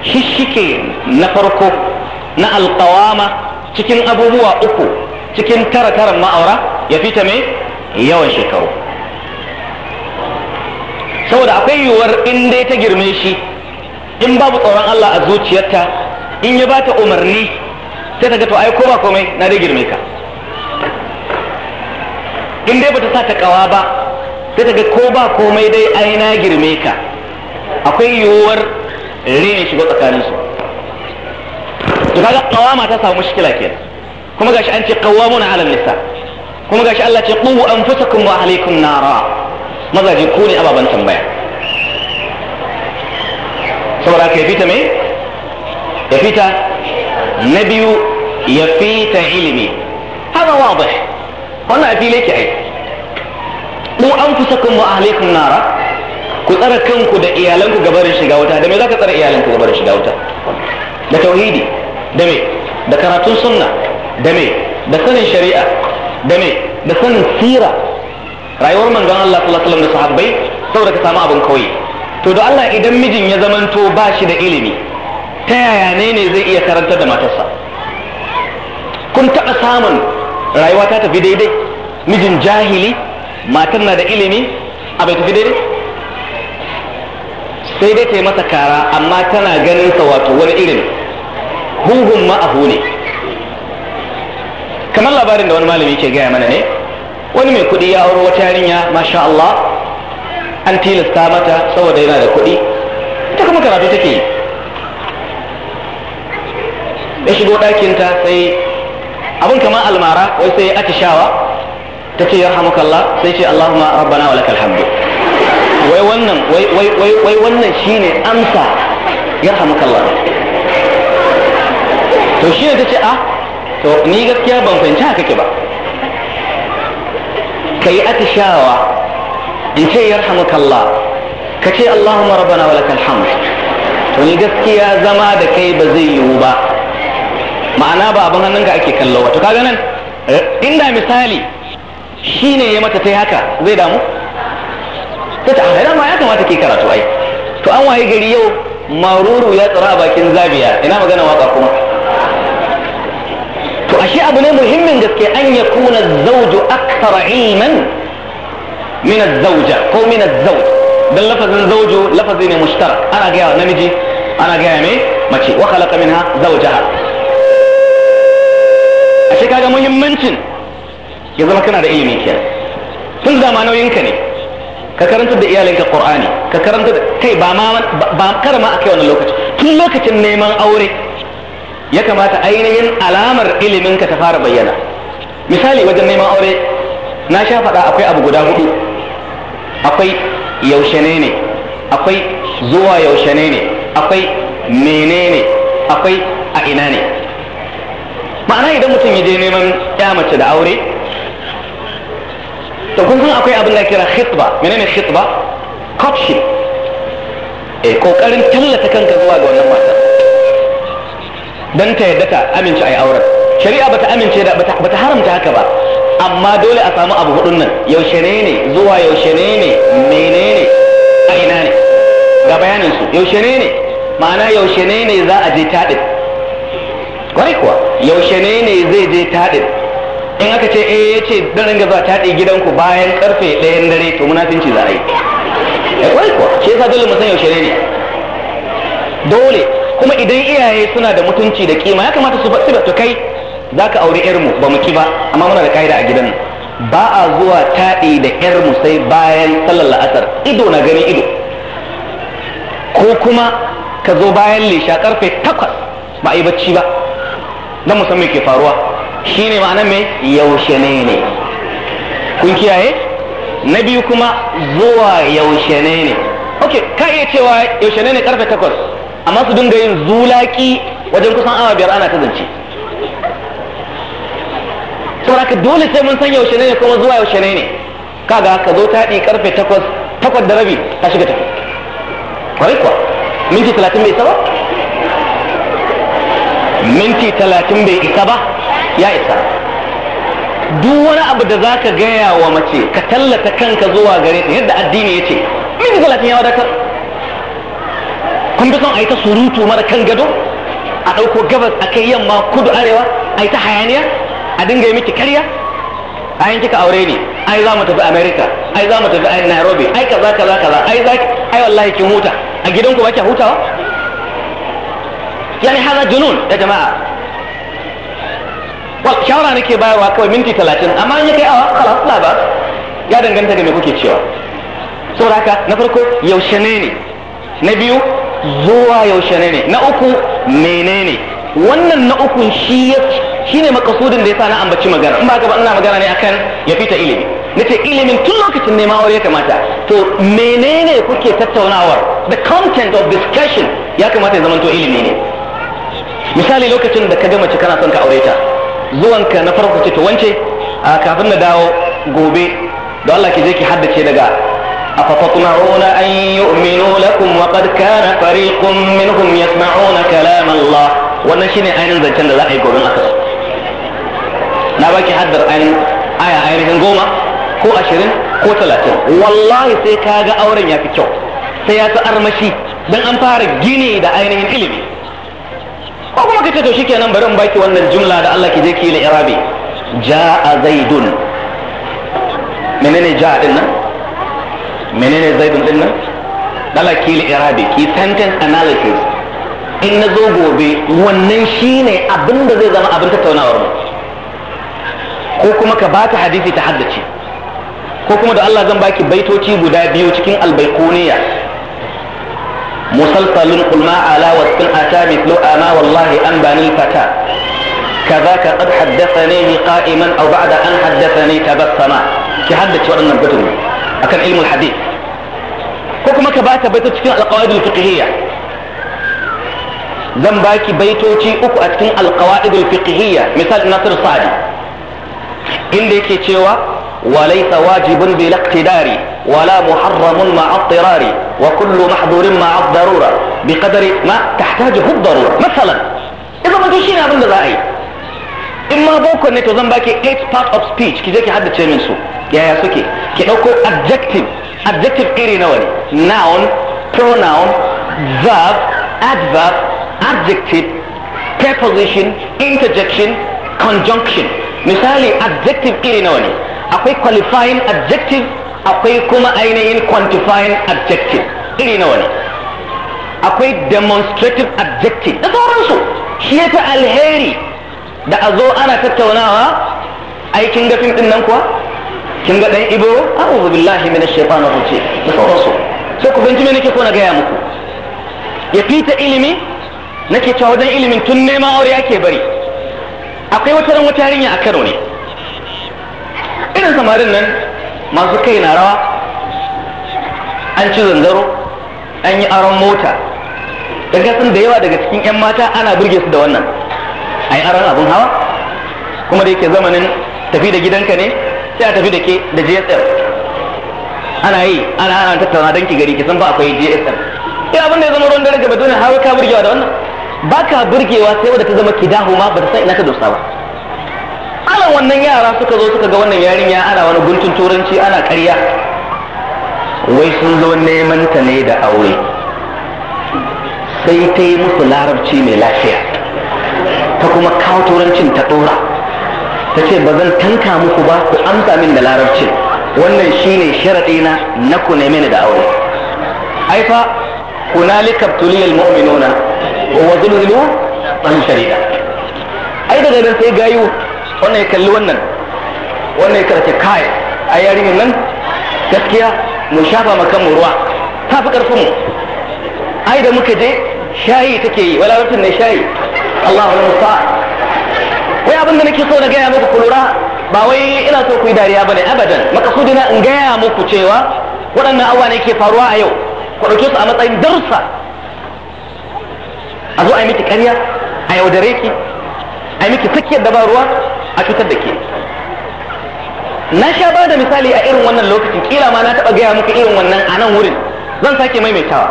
shi shike na farko na alqawama cikin abubuwa uku cikin tara tara ma'aura ya fita mai yawan shekaru saboda akwai yiwuwar in dai ta girme shi in babu tsoron Allah a zuciyarta in ya bata umarni sai ta ga to ai ko ba komai na dai girme ka in dai bata sa ta kawa ba sai ta ga ko ba komai dai ai na girme ka akwai yiwuwar rene shigo tsakanin su to kaga kawama ta samu mushkila kenan kuma gashi an ce qawwamuna 'ala nisa kuma gashi Allah ce qu anfusakum wa alaykum nara mazaje ku ne ababan tambaya saboda ka ya fita me ya fita na biyu ya fita ilimi hada bai. wannan a fili ke aiki ku an kusa kun mu ahlikum nara ku tsara kanku da iyalanku gabarin shiga wuta da me ka tsara iyalanku gabarin shiga wuta da tauhidi da me da karatun sunna da me da sanin shari'a da me da sanin sira rayuwar manzon Allah sallallahu alaihi wasallam da sahabbai saboda ka samu abin kawai to da Allah idan mijin ya zamanto ba shi da ilimi ta yaya ne ne zai iya karantar da matarsa kun taɓa samun rayuwa ta tafi daidai mijin jahili matar na da ilimi a bai tafi daidai sai dai ta yi masa kara amma tana ganin sa wato wani irin hungun ma'ahu ne kamar labarin da wani malami ke gaya mana ne wani mai kuɗi ya auro wata yarinya masha Allah an tilasta mata saboda yana da kuɗi ita kuma karatu take yi ya shigo ɗakinta sai abin kamar almara wai sai atishawa ta ce yarhamukallah sai ce Allahumma rabbana wa lakal hamdu wai wannan wai wai wai wai wannan shine amsa yarhamukallah to shine tace a ah, to ni gaskiya ban fahimci haka kake ba kai atishawa in ce yarhamukallah ka ce Allahumma rabbana wa lakal hamd to ni gaskiya zama da kai ba zai yiwu ba ma'ana ba abin hannun ka ake kallo wato kaga nan inda misali shine ya mata tai haka zai damu ta ta a ma ya kamata ke karatu ai to an waye gari yau maruru ya tsara bakin zabiya ina magana waka kuma to ashe abu ne muhimmin gaske an ya kuna zauju akthara ilman min zauja ko min zauj dan lafazin zauju lafazi ne mushtarak ana gaya namiji ana gaya mai mace wa khalaqa minha zawjaha a shi kaga muhimmancin ya zama kana da ilimi kenan tun da ma nauyinka ne ka karanta da iyalinka qur'ani ka karanta da kai ba ma ba kar ma akai wannan lokaci tun lokacin neman aure ya kamata ainihin alamar iliminka ta fara bayyana misali wajen neman aure na sha faɗa akwai abu guda hudu akwai yaushe ne ne akwai zuwa yaushe ne ne akwai menene akwai a ina ne ma'ana idan mutum ya je neman ya mace da aure to kun akwai abin da kira khitba menene khitba courtship eh kokarin tallata kanka zuwa ga wannan mata dan ta yadda ta amince ai auren shari'a bata amince da bata haramta haka ba amma dole a samu abu hudun nan yaushe ne ne zuwa yaushe ne ne menene a ina ne ga bayanin su yaushe ne ne ma'ana yaushe ne ne za a je taɗin kwarai kuwa yaushe ne ne zai je taɗin in aka ce eh ya ce dan ringa zuwa taɗi gidanku bayan karfe ɗayan dare to munafinci za a yi eh, kwarai kuwa shi yasa dole mu san yaushe ne dole kuma idan iyaye suna da mutunci da kima ya kamata su faɗi to kai zaka aure yar mu ba mu ki ba amma muna da kaida a gidan nan ba a zuwa taɗi da yar mu sai bayan sallar la'asar ido na gani ido ko kuma ka zo bayan lisha karfe takwas ba a yi bacci ba na musamman ke faruwa shine ma'ana mai yaushe ne ne kun kiyaye na biyu kuma zuwa yaushe ne ne ok ka iya cewa yaushe ne ne karfe takwas amma su dinga yin zulaki wajen kusan awa biyar ana ta zance saboda ka dole sai mun san yaushe ne kuma zuwa yaushe ne ne kaga ka zo taɗi karfe takwas takwas da rabi ta shiga tafi kwarai kuwa minti talatin bai saba minti talatin bai isa ba ya isa duk wani abu da za ka gaya wa mace ka tallata kanka zuwa gare ta yadda addini ya ce minti talatin ya wadatar kun fi son a yi ta surutu mara kan gado a ɗauko gabas a kai yamma kudu arewa a yi ta hayaniya a dinga yi miki karya A ayan kika aure ni ai za mu tafi america ai za mu tafi nairobi ai kaza kaza kaza ai za ai wallahi kin huta a gidanku ba ki hutawa yani hada junun ya jama'a wal shawara nake bayarwa kawai minti talatin amma in ya kai awa kala kala ba ya danganta ga me kuke cewa saboda haka na farko yaushe ne ne na biyu zuwa yaushe ne ne na uku menene wannan na uku shi shine makasudin da ya sa na ambaci magana in ba gaba ina magana ne akan ya fita ilimi nace ilimin tun lokacin nema aure ya kamata to menene kuke tattaunawar the content of discussion ya kamata ya zamanto ilimi ne misali lokacin da ka gama ci kana son ka aure ta zuwanka na farko ce to wance a kafin na dawo gobe da Allah ki je ki haddace daga أفتطمعون أن يؤمنوا لكم وقد كان فريق منهم يسمعون كلام الله wannan shine ainihin zancen da za a yi gobe aka na baki haddar ainihin aya ainihin goma ko ashirin ko talatin wallahi sai ka ga auren ya fi kyau sai ya armashi don an fara gini da ainihin ilimi ko kuma kace to shikenan bari in baki wannan jumla da Allah ke je ki yi irabi ja'a zaidun menene ja'a din nan menene zaidun din nan dala ki yi irabi ki sentence analysis in na zo gobe wannan shine abin da zai zama abin tattaunawar mu ko kuma ka bata hadisi ta haddace ko kuma da Allah zan baki baitoci guda biyu cikin albaikoniya مسلسل قل ما على واسكن اتى مثل انا والله انبان الفتى كذاك قد حدثنيه قائما او بعد ان حدثني تبسما كي حدث شو انا اكن علم الحديث حكم كبات بيت تشكين القواعد الفقهيه زن باكي بيتوتي اكو القواعد الفقهيه مثال نصر صادي اللي كي وليس واجب بلا اقتدار ولا محرم مع اضطرار وكل محظور مع الضرورة بقدر ما تحتاجه الضرورة مثلا إذا ما تشي نعمل بذائي إما بوكو نتو زنباكي it's part of speech كي زيكي حد تشيرين سو يا يا سوكي كي نوكو adjective adjective كيري نواني noun pronoun verb adverb adjective preposition interjection conjunction مثالي adjective كيري نواني akwai qualifying adjective akwai kuma ainihin quantifying adjective iri nawa ne akwai demonstrative adjective da sauransu shi ya ta alheri da a zo ana tattaunawa aikin gafin din nan kuwa kin ga dan ibo a'udhu billahi minash shaitanir rajim da sauransu sai ku bincike nake ko na gaya muku ya fita ilimi nake cewa wajen ilimin tun neman aure ake bari akwai wata ran wata yarinya a Kano ne cikin samarin nan masu kai na rawa an ci zanzaro an yi aron mota daga sun da yawa daga cikin 'yan mata ana birge su da wannan a yi aron abin hawa kuma da yake zamanin tafi da gidanka ne sai a tafi da ke da gsm ana yi ana ana tattauna don ki gari ki san ba akwai gsm ina abin da ya zama ruwan dare ga dole har ka burgewa da wannan ba ka burgewa sai wadda ta zama kidahu ma ba ta san ina ta dosa ba ana wannan yara suka zo suka ga wannan yarinya ana wani guntun turanci ana karya wai sun zo neman ta ne da aure sai ta yi musu larabci mai lafiya ta kuma kawo turancin ta dora ta ce ba zan tanka muku ba ku amsa min da larabcin wannan shine sharaɗina na ku neme ni da aure ai fa hunalika tuliyal mu'minuna wa zulzilu an sharida ai da nan sai gayu wannan ya kalli wannan wannan ya karce kai a yarinyar nan gaskiya mu shafa makan mu ruwa ta fi karfin mu ai da muka je shayi take yi wala wata ne shayi Allahu musta'an wai abin da nake so na gaya muku ku lura ba wai ina so ku yi dariya bane abadan makasudina in gaya muku cewa waɗannan awa ne ke faruwa a yau ku ɗauke su a matsayin darussa a zo a yi miki ƙarya a yaudare ki a yi miki tsakiyar da ba ruwa a cutar da ke na sha ba da misali a irin wannan lokacin kila ma na taɓa gaya muku irin wannan a nan wurin zan sake maimaitawa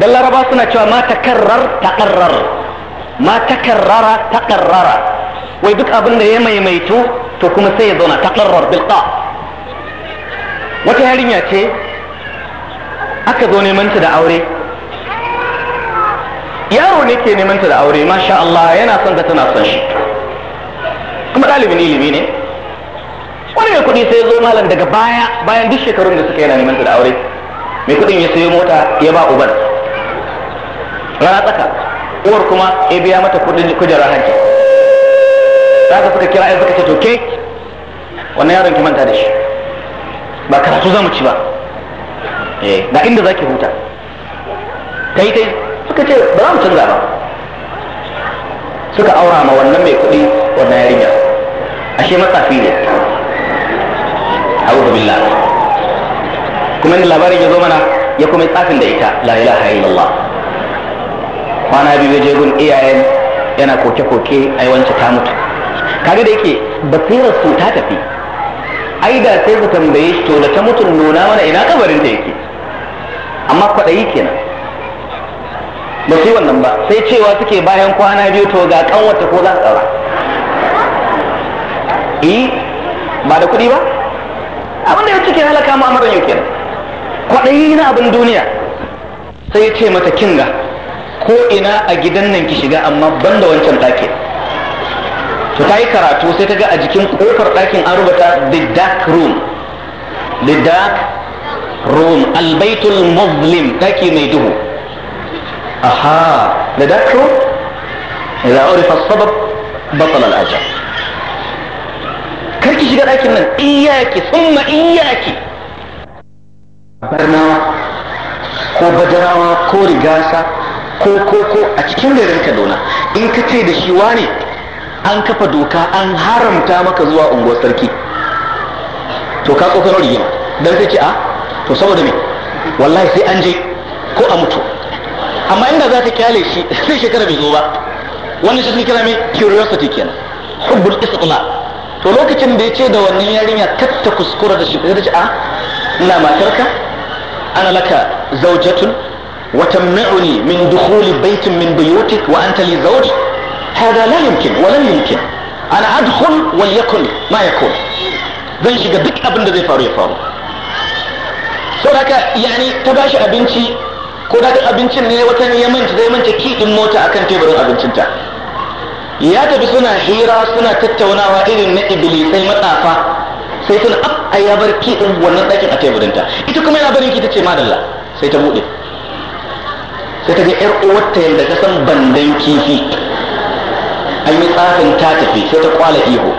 dan laraba suna cewa ma takarrar takarrar ma takarrara takarrara wai duk abin da ya maimaitu to kuma sai ya zauna takarrar bilka wata yarinya ce aka zo neman ta da aure yaro ne ke neman ta da aure masha Allah yana son ta tana son shi kuma ɗalibin ilimi ne wani mai kuɗi sai zo malam daga baya bayan duk shekarun da suka yana neman da aure mai kuɗin ya sayo mota ya ba uban rana tsaka uwar kuma ya biya mata kuɗin kujerar hajji ka suka kira ya suka ce to ke wannan yaron ki manta da shi ba karatu za mu ci ba na eh, inda inda ki huta ta yi suka ce ba za mu canza ba suka aura ma wannan mai kuɗi wannan yarinya ashe matsafi ne abu billah kuma inda labarin ya zo mana ya kuma tsafin da ita la ilaha illallah kwana biyu ya je gun iyayen yana koke-koke a wance ta mutu Kare da yake basirar su ta tafi ai da sai su tambaye shi to da ta mutu nuna mana ina kabarin ta yake amma kwaɗayi kenan ba su yi wannan ba sai cewa suke bayan kwana biyu to ga kanwata ko za su tsara eh ba da kuɗi ba abin da ya cike halaka mu'amalar yau kenan kwaɗayi na abin duniya sai ya ce mata kinga ko ina a gidan nan ki shiga amma ban da wancan ɗakin to ta yi karatu sai ta ga a jikin ƙofar ɗakin an rubuta the dark room the dark room albaitul muslim ɗaki mai duhu aha the dark room إذا عرف السبب بطل الأجر karki shiga ɗakin nan iyaki summa iyaki barnawa ko badarawa ko rigasa ko ko ko a cikin garin kaduna in ka ce da shi wane an kafa doka an haramta maka zuwa unguwar sarki to ka tsokano rigima dan sai ce a ah, to saboda me wallahi sai an je ko a mutu amma inda za ta kyale shi [laughs] sai shekara bai zo ba wannan shi kira me curiosity kenan hubbul istila to lokacin da ya ce da wannan yarinya tatta kuskura da shi da ce a ah, ina matarka ana laka zaujatun wa tamna'uni min dukhuli baitin min buyutik wa anta li zawji hada la yumkin wa lan yumkin ana adkhul wal yakun ma yakun zan shiga duk abin da zai faru ya faru So haka yani ta bashi abinci ko da abincin ne wata ne ya manta zai manta ki din mota akan teburin abincinta ya tafi suna hira suna tattaunawa irin na ibilisai matsafa sai suna ab a ya bar wannan ɗakin a teburinta ita kuma yana barin ki ta ce madalla sai ta buɗe sai ta ga yar uwarta yadda ta san bandan kifi an yi tsafin ta tafi sai ta kwala iho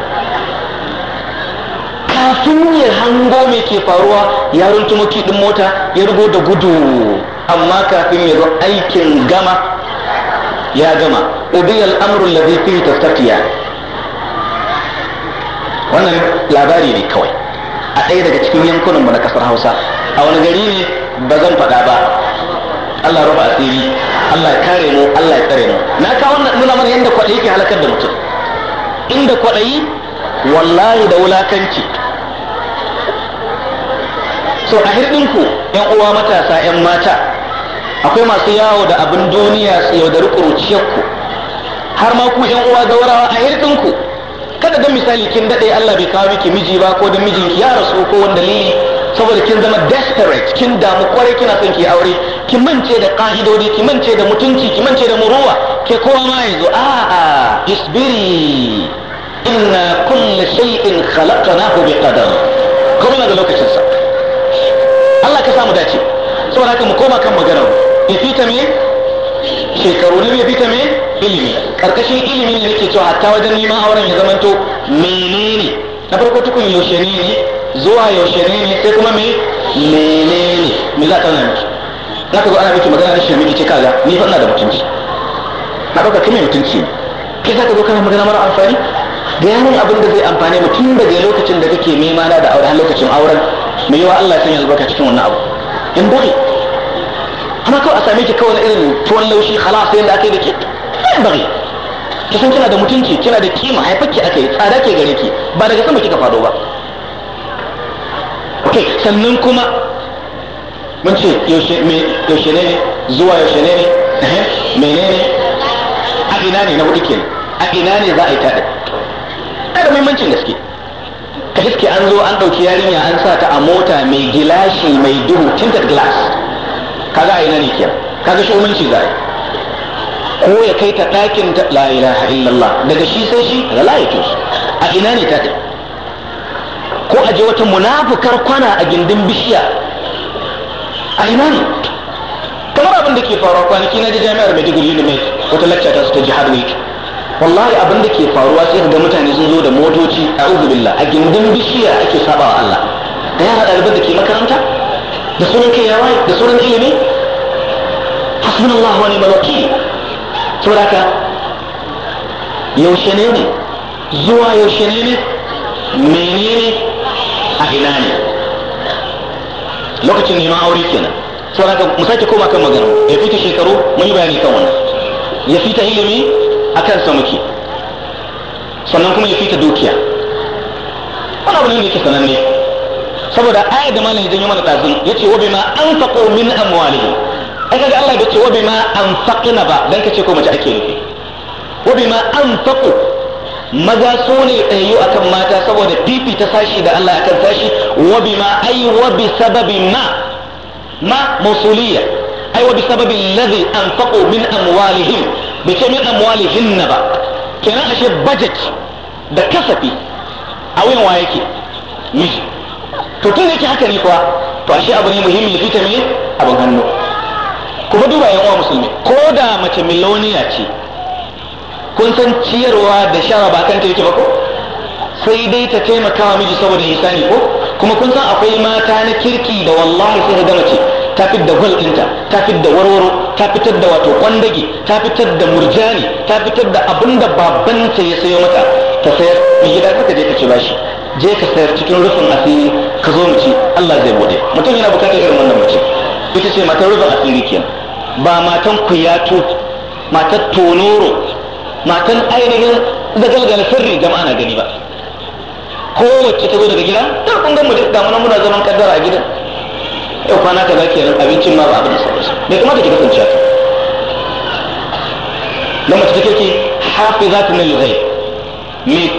kafin ya hango mai ke faruwa ya runtumo ɗin mota ya rugo da gudu amma kafin ya zo aikin gama ya gama ubiya al'amrul ladhi fihi tafiya wannan labari ne kawai a ɗaya daga cikin yankunan mu na ƙasar Hausa a wani gari ne ba zan faɗa ba Allah ruba asiri Allah ya kare mu Allah ya tsare mu na kawo nuna mana yadda kwaɗayi ke halakar da mutum inda kwaɗayi wallahi da wulakanci so a hirɗinku yan uwa matasa yan mata akwai masu yawo da abin duniya su yaudari kuruciyarku har ma kuma yan uwa gaurawa a ku kada da misali kin daɗe Allah bai kawo miki miji ba ko da mijinki ya rasu ko wanda dalili saboda kin zama desperate kin damu kwarai kina son ki aure ki mance da kahidodi ki mance da mutunci ki mance da muruwa ke kowa ma yanzu a a isbiri inna kulli shay'in khalaqnahu biqadar kuma da lokacin sa Allah ka samu dace saboda haka mu koma kan magana ya fita me shekaru na biyu fita me ilimi karkashin ilimi ne yake cewa hatta wajen neman auren ya zamanto menene na farko tukun yaushe ne ne zuwa yaushe ne ne sai kuma me menene me za ta zama za ka zo ana miki magana rashin miki ce kaza ni fa ina da mutunci na ɗauka kai mai mutunci ne kai za ka zo kana magana mara amfani ganin abin da zai amfani mu tun daga lokacin da kake nema na da auren lokacin auren mai yawa Allah ya sanya albarka cikin wannan abu in bari amma kawai a same ki kawai na irin tuwon laushi halas yadda aka yi da ke bari ki san kina da mutunci kina da kima haifakki aka yi tsada ke gare ki ba daga sama kika fado ba okay sannan kuma mun ce yaushe ne zuwa yaushe ne menene a ina ne na hudu ke a ina ne za a yi taɗa. ai da muhimmancin gaske ka iske an zo an ɗauki yarinya an sa ta a mota mai gilashi mai duhu tinted glass kaga a ina ne kiyar kaga shi umarci za ko ya kai ta ɗakin ta la ilaha illallah daga shi sai shi ga la ya a ina ne ta ko a je wata munafukar kwana a gindin bishiya a ina ne kamar abin da ke faruwa kwanaki na jami'ar maiduguri ne mai wata lacca ta su ta jihar ne. wallahi abin da ke faruwa sai ga mutane sun zo da motoci a la. a gindin bishiya ake sabawa Allah da yara ɗaliban da ke makaranta da sunan kai yawa da sunan ilimi Allah wa ni'mal wakil saboda haka yaushe ne ne zuwa yaushe ne ne menene a ina ne lokacin neman aure kenan saboda haka mu sake koma kan magana ya fita shekaru mun yi bayani kan wannan ya fita ilimi a sa muke sannan kuma ya fita dukiya wani abu ne da yake sananne saboda aya da malam idan ya mana ce wabi ma an faƙo min amwalihim ai kaga Allah bai ce wabi ma an anfaqina ba dan ce ko mace ake nufi ma an faƙo maza su ne tsayayyu akan mata saboda fifi ta sashi da Allah akan sashi Wabi ma ai wabi sababin sababi ma ma mausuliyya ai wabi sababin sababi an faƙo min amwalihim bai ce min amwalihinna ba kenan ashe budget da kasafi a wayan wa yake miji to tun da yake haka ne kuwa to ashe abu ne muhimmi fita ne abin hannu kuma duba yan uwa musulmi ko da mace miloniya ce kun san ciyarwa da shara ba kanta yake ba ko sai dai ta taimaka wa miji saboda hisani ko kuma kun san akwai mata na kirki da wallahi sai ga mace ta fitar da gwal ɗinta ta fitar da warwaro ta fitar da wato kwandage ta fitar da murjani ta fitar da abin da babanta ya sayo mata ta sayar mai gida ta je ta ci bashi je ka sayar cikin rufin asiri ka zo mace Allah zai bude mutum yana bukatar irin wannan mace ita ce matar rufin asiri kenan ba matan kuyatu matar tonoro matan ainihin zagalgala sirri jama'a na gani ba wacce ta zo daga gida ta kungan mu duk damunan muna zaman kaddara a gidan yau kwana zaki kenan abincin ma ba abin da sauransu bai kamata ki kasance ta don mace take ki hafi za ta nil mai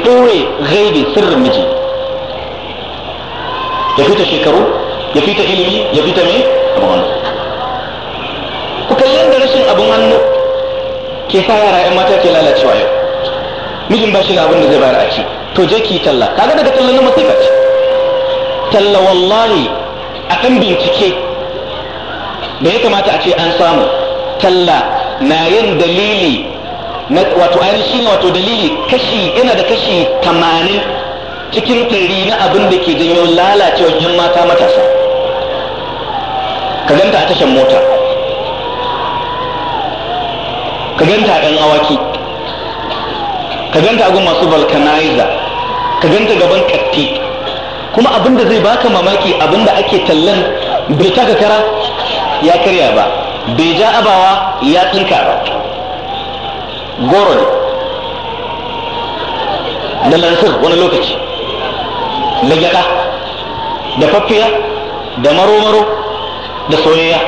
ɗore ghaibi sirrin miji ya fita shekaru ya fita ilimi ya fita mai abin hannu ku kalli yadda rashin abin hannu ke sa yara yan mata ke lalacewa yau mijin ba shi da abin da zai bayar a ci to je ki talla kaga daga talla na masifa ce talla wallahi akan bincike da ya kamata a ce an samu talla na yin dalili wato ainihin shi wato dalili kashi yana da kashi tamanin cikin ɗari na abin da ke janyo lalacewar yan mata matasa ka ganta a tashan mota ka ganta a ɗan awaki ka ganta a masu vulcanizer ka ganta gaban katti kuma abin da zai baka mamaki abin da ake tallan bai taka kara ya karya ba bai ja abawa ya tsinka ba Goron da lansir wani lokaci na gyada da faffiya da maro-maro da soyayya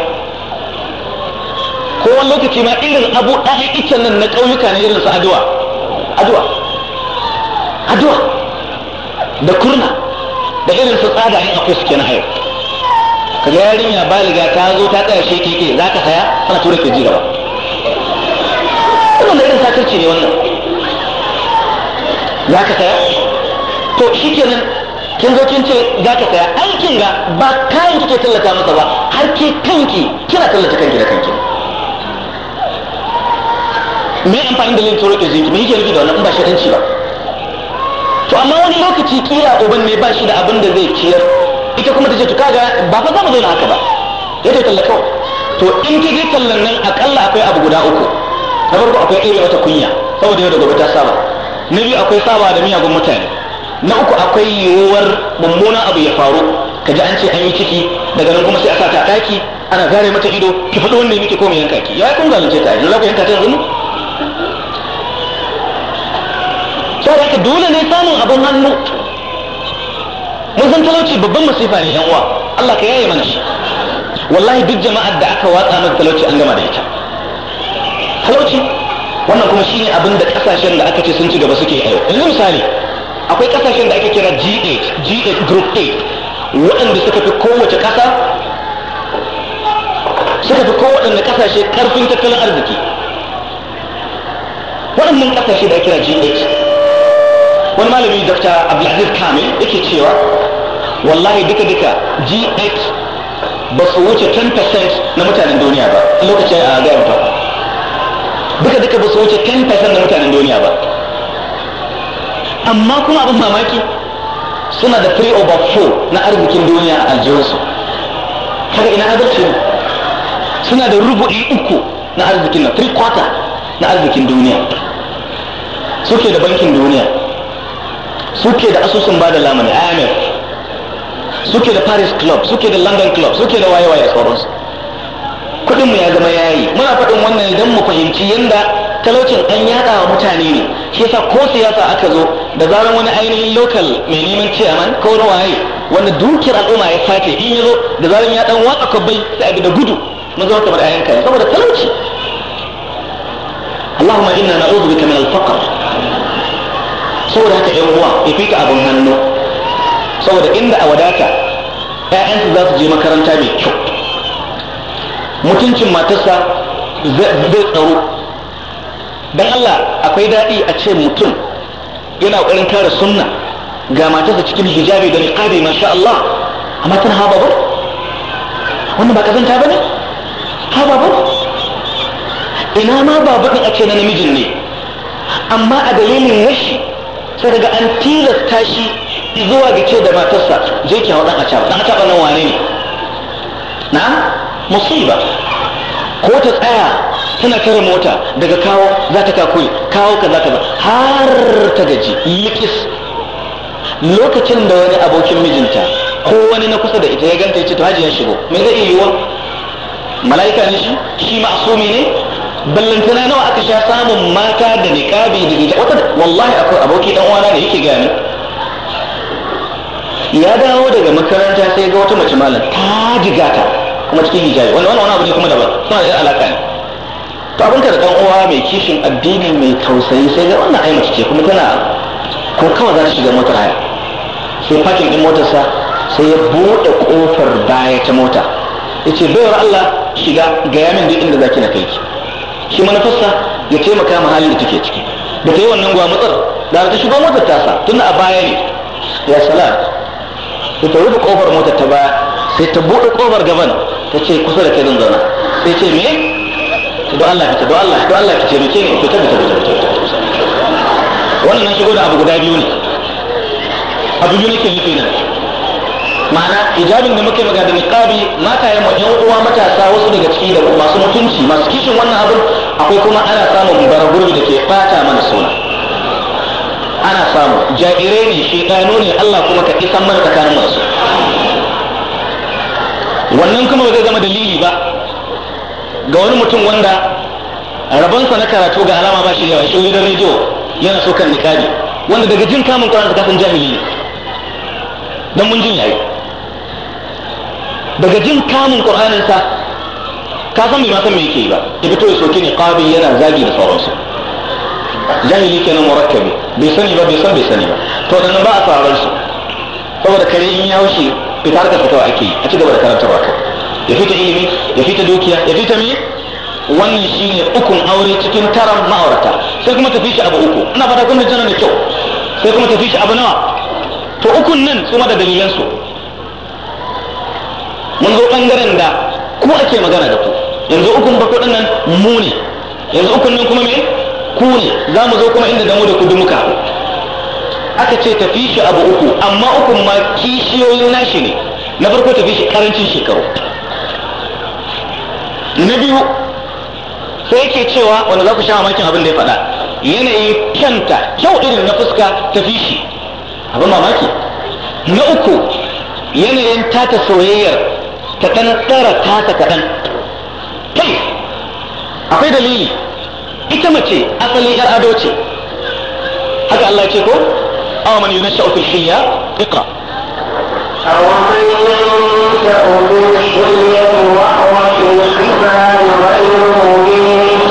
ko wani lokaci ma irin abu ɗaya ita nan na ƙauyuka ne irin su aduwa aduwa aduwa da kurna da irin su tsada in akwai suke na hayo kaga yarinya baliga ta zo ta tsaya shi keke za ka saya tana tura ke ji gaba wannan da irin satarci ne wannan za ka saya to shi kenan kin zo kin ce za ka saya aikin ga ba kayan kike tallata masa ba har ke kanki kina tallata kanki da kanki me amfani da lintoro ke zinki me yake rubi da wannan in ba shaɗanci ba to amma wani lokaci kila uban ne ba shi da abin da zai ciyar ita kuma ta ce to kaga ba fa za mu zauna haka ba ya ta talla kawai to in ki je tallan nan akalla akwai abu guda uku na farko akwai irin wata kunya saboda yau da gobe ta saba na biyu akwai saba da miyagun mutane na uku akwai yiwuwar mummunan abu ya faru ka ji an ce an yi ciki daga nan kuma sai a sa ta taki ana zare mata ido ki faɗi ya miki ko mai yanka ki ya kun zalunce ta yanzu za ku yanka ta yanzu sai haka dole ne samun abin hannu mun san talauci babban masifa ne yan uwa Allah ka yaye mana shi wallahi duk jama'ar da aka watsa mata talauci an gama da ita talauci wannan kuma shine abin da kasashen da aka ce sun ci gaba suke yau yanzu misali akwai kasashen da ake kira G8 G8 group 8 waɗanda suka fi kowace ƙasa suka fi kowaɗanne ƙasashe ƙarfin tattalin arziki waɗannan ƙasashe da ake kira G8 wani malami Dr. Abdulaziz Kamil yake cewa wallahi duka duka G8 ba su wuce 10% na mutanen duniya ba lokacin a gaya duka duka ba su wuce 10% na mutanen duniya ba amma kuma abin mamaki suna da 3 over 4 na arzikin duniya a aljihunsu kaga ina adalci ne suna da rubu'i uku na arzikin na 3 quarter na arzikin duniya suke da bankin duniya suke da asusun ba da lamani imf suke da paris club suke da london club suke da waye-waye da sauransu kudinmu ya zama yayi muna faɗin wannan idan mu fahimci yadda talaucin an yaɗa wa mutane ne shi yasa ko siyasa aka zo da zaran wani ainihin local mai neman ciyaman ko na waye wanda dukiyar al'umma ya sace in ya zo da zaran ya dan watsa kwabbai sai a bi da gudu mun zama kamar ayan kayan saboda talauci Allahumma inna na'udhu bika min al-faqr saboda haka yan uwa ya fita abin hannu saboda inda a wadata ƴaƴansu za su je makaranta mai kyau mutuncin matarsa zai tsaro don Allah akwai daɗi a ce mutum yana ƙoƙarin tara sunna ga matarsa cikin hijabi da niqabi masha Allah amma tana haba ba, wannan ba kazanta bane haba ba? ina ma ba ba a ce na namijin ne amma a dalilin rashi sai daga an tilasta shi zuwa ga ke da matarsa je ki hawa dan ba dan ba nan wane ne na musiba ko ta tsaya tana tare mota daga kawo za ta kakuri kawo ka ta ba har ta gaji likis lokacin da wani abokin mijinta ko wani na kusa da ita ya ganta ya ce to hajji ya shigo me zai iya yiwuwa mala'ika ne shi shi ma'asumi ne ballantana nawa aka sha samun mata da niqabi da gida wata wallahi akwai aboki dan uwana ne yake gani ya dawo daga makaranta sai ga wata mace malam ta jigata kuma cikin hijabi wannan wani abu ne kuma daban suna da alaka ne to abin ka da dan uwa mai kishin addini mai tausayi sai ga wannan ai mace ce kuma tana ko kawai za ta shiga motar haya sai fakin din motarsa sai ya buɗe ƙofar baya ta mota ya ce wa Allah shiga ga yamin duk inda zaki na kai ki shi manufarsa ya taimaka ma halin da take ciki da ta yi wannan matsar da ta shigo motar tasa tun a baya ne ya salat da ta rufe kofar motar ta baya sai ta buɗe kofar gaban ta ce kusa da kai zan zauna sai ce me don Allah fita ce don Allah don Allah ka ce roke ne fita fita fita fita wannan shigo da abu guda biyu ne abu biyu nake nufi nan ma'ana ijabin da muke magana da niqabi mata yan mu yan uwa matasa wasu daga ciki da masu mutunci masu kishin wannan abin akwai kuma ana samun baragurbi da ke fata mana suna ana samu jagirai ne shedano ne Allah kuma ka isan mana tsakanin masu wannan kuma ba zai zama dalili ba ga wani mutum wanda rabonsa na karatu ga alama ba shi yawa shi gidan rediyo yana so kan nikabi wanda daga jin kamun kwanan da kasan jahili ne don mun jin yayi daga jin kamun qur'anin sa ka san bai ma mai me yake ba ya fito ya soke ni qabi yana zagi da sauransu jahili kenan murakkabi bai sani ba bai san bai sani ba to da nan ba a sauransu saboda kare in ya wuce fitar ka fitawa ake yi a ci gaba da karantarwa kai ya fita ilimi ya fita dukiya ya fita me wannan shine ukun aure cikin taron ma'aurata sai kuma tafi shi abu uku ina fata kuma jana da kyau sai kuma tafi shi abu nawa to ukun nan ma da dalilan su mun zo bangaren da ku ake magana da ku yanzu ukun ba kudin nan mu ne yanzu ukun nan kuma me ku ne za mu zo kuma inda da mu da ku muka aka ce tafi shi abu uku amma ukun ma kishiyoyin nashi ne na farko tafi shi karancin shekaru na biyu sai yake cewa wanda za ku sha mamakin abin da ya faɗa yanayi kyanta kyau irin na fuska ta fi shi abin mamaki na uku yanayin tata soyayyar ta ɗan tsara tasa kaɗan kai akwai dalili ita mace asali yar ado ce haka Allah ce ko awa man yunasha fil hiyya iqra awa man yunasha fil hiyya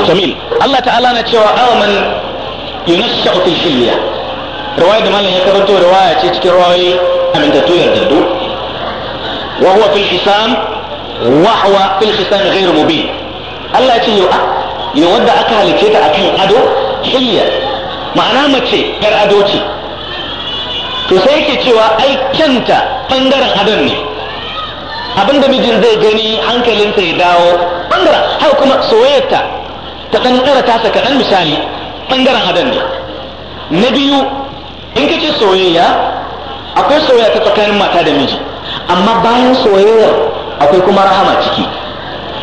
جميل الله تعالى نتشوى أومن ينشأ في الحلية رواية ما لها كبرتو رواية تشكي رواية من تتوير دردو وهو في الحسام وهو في الحسام غير مبين الله تعالى يودع أكها لكيتا أكن أدو حلية ma'ana mace yar ado ce to sai yake cewa ai kyanta bangaren adon ne abin da mijin zai gani hankalinsa ya dawo bangaren haka kuma soyayyarta ta ɗan ɗara tasa kaɗan misali bangaren hadan ne na biyu in ka ce soyayya akwai soyayya ta tsakanin mata da miji amma bayan soyayyar akwai kuma rahama ciki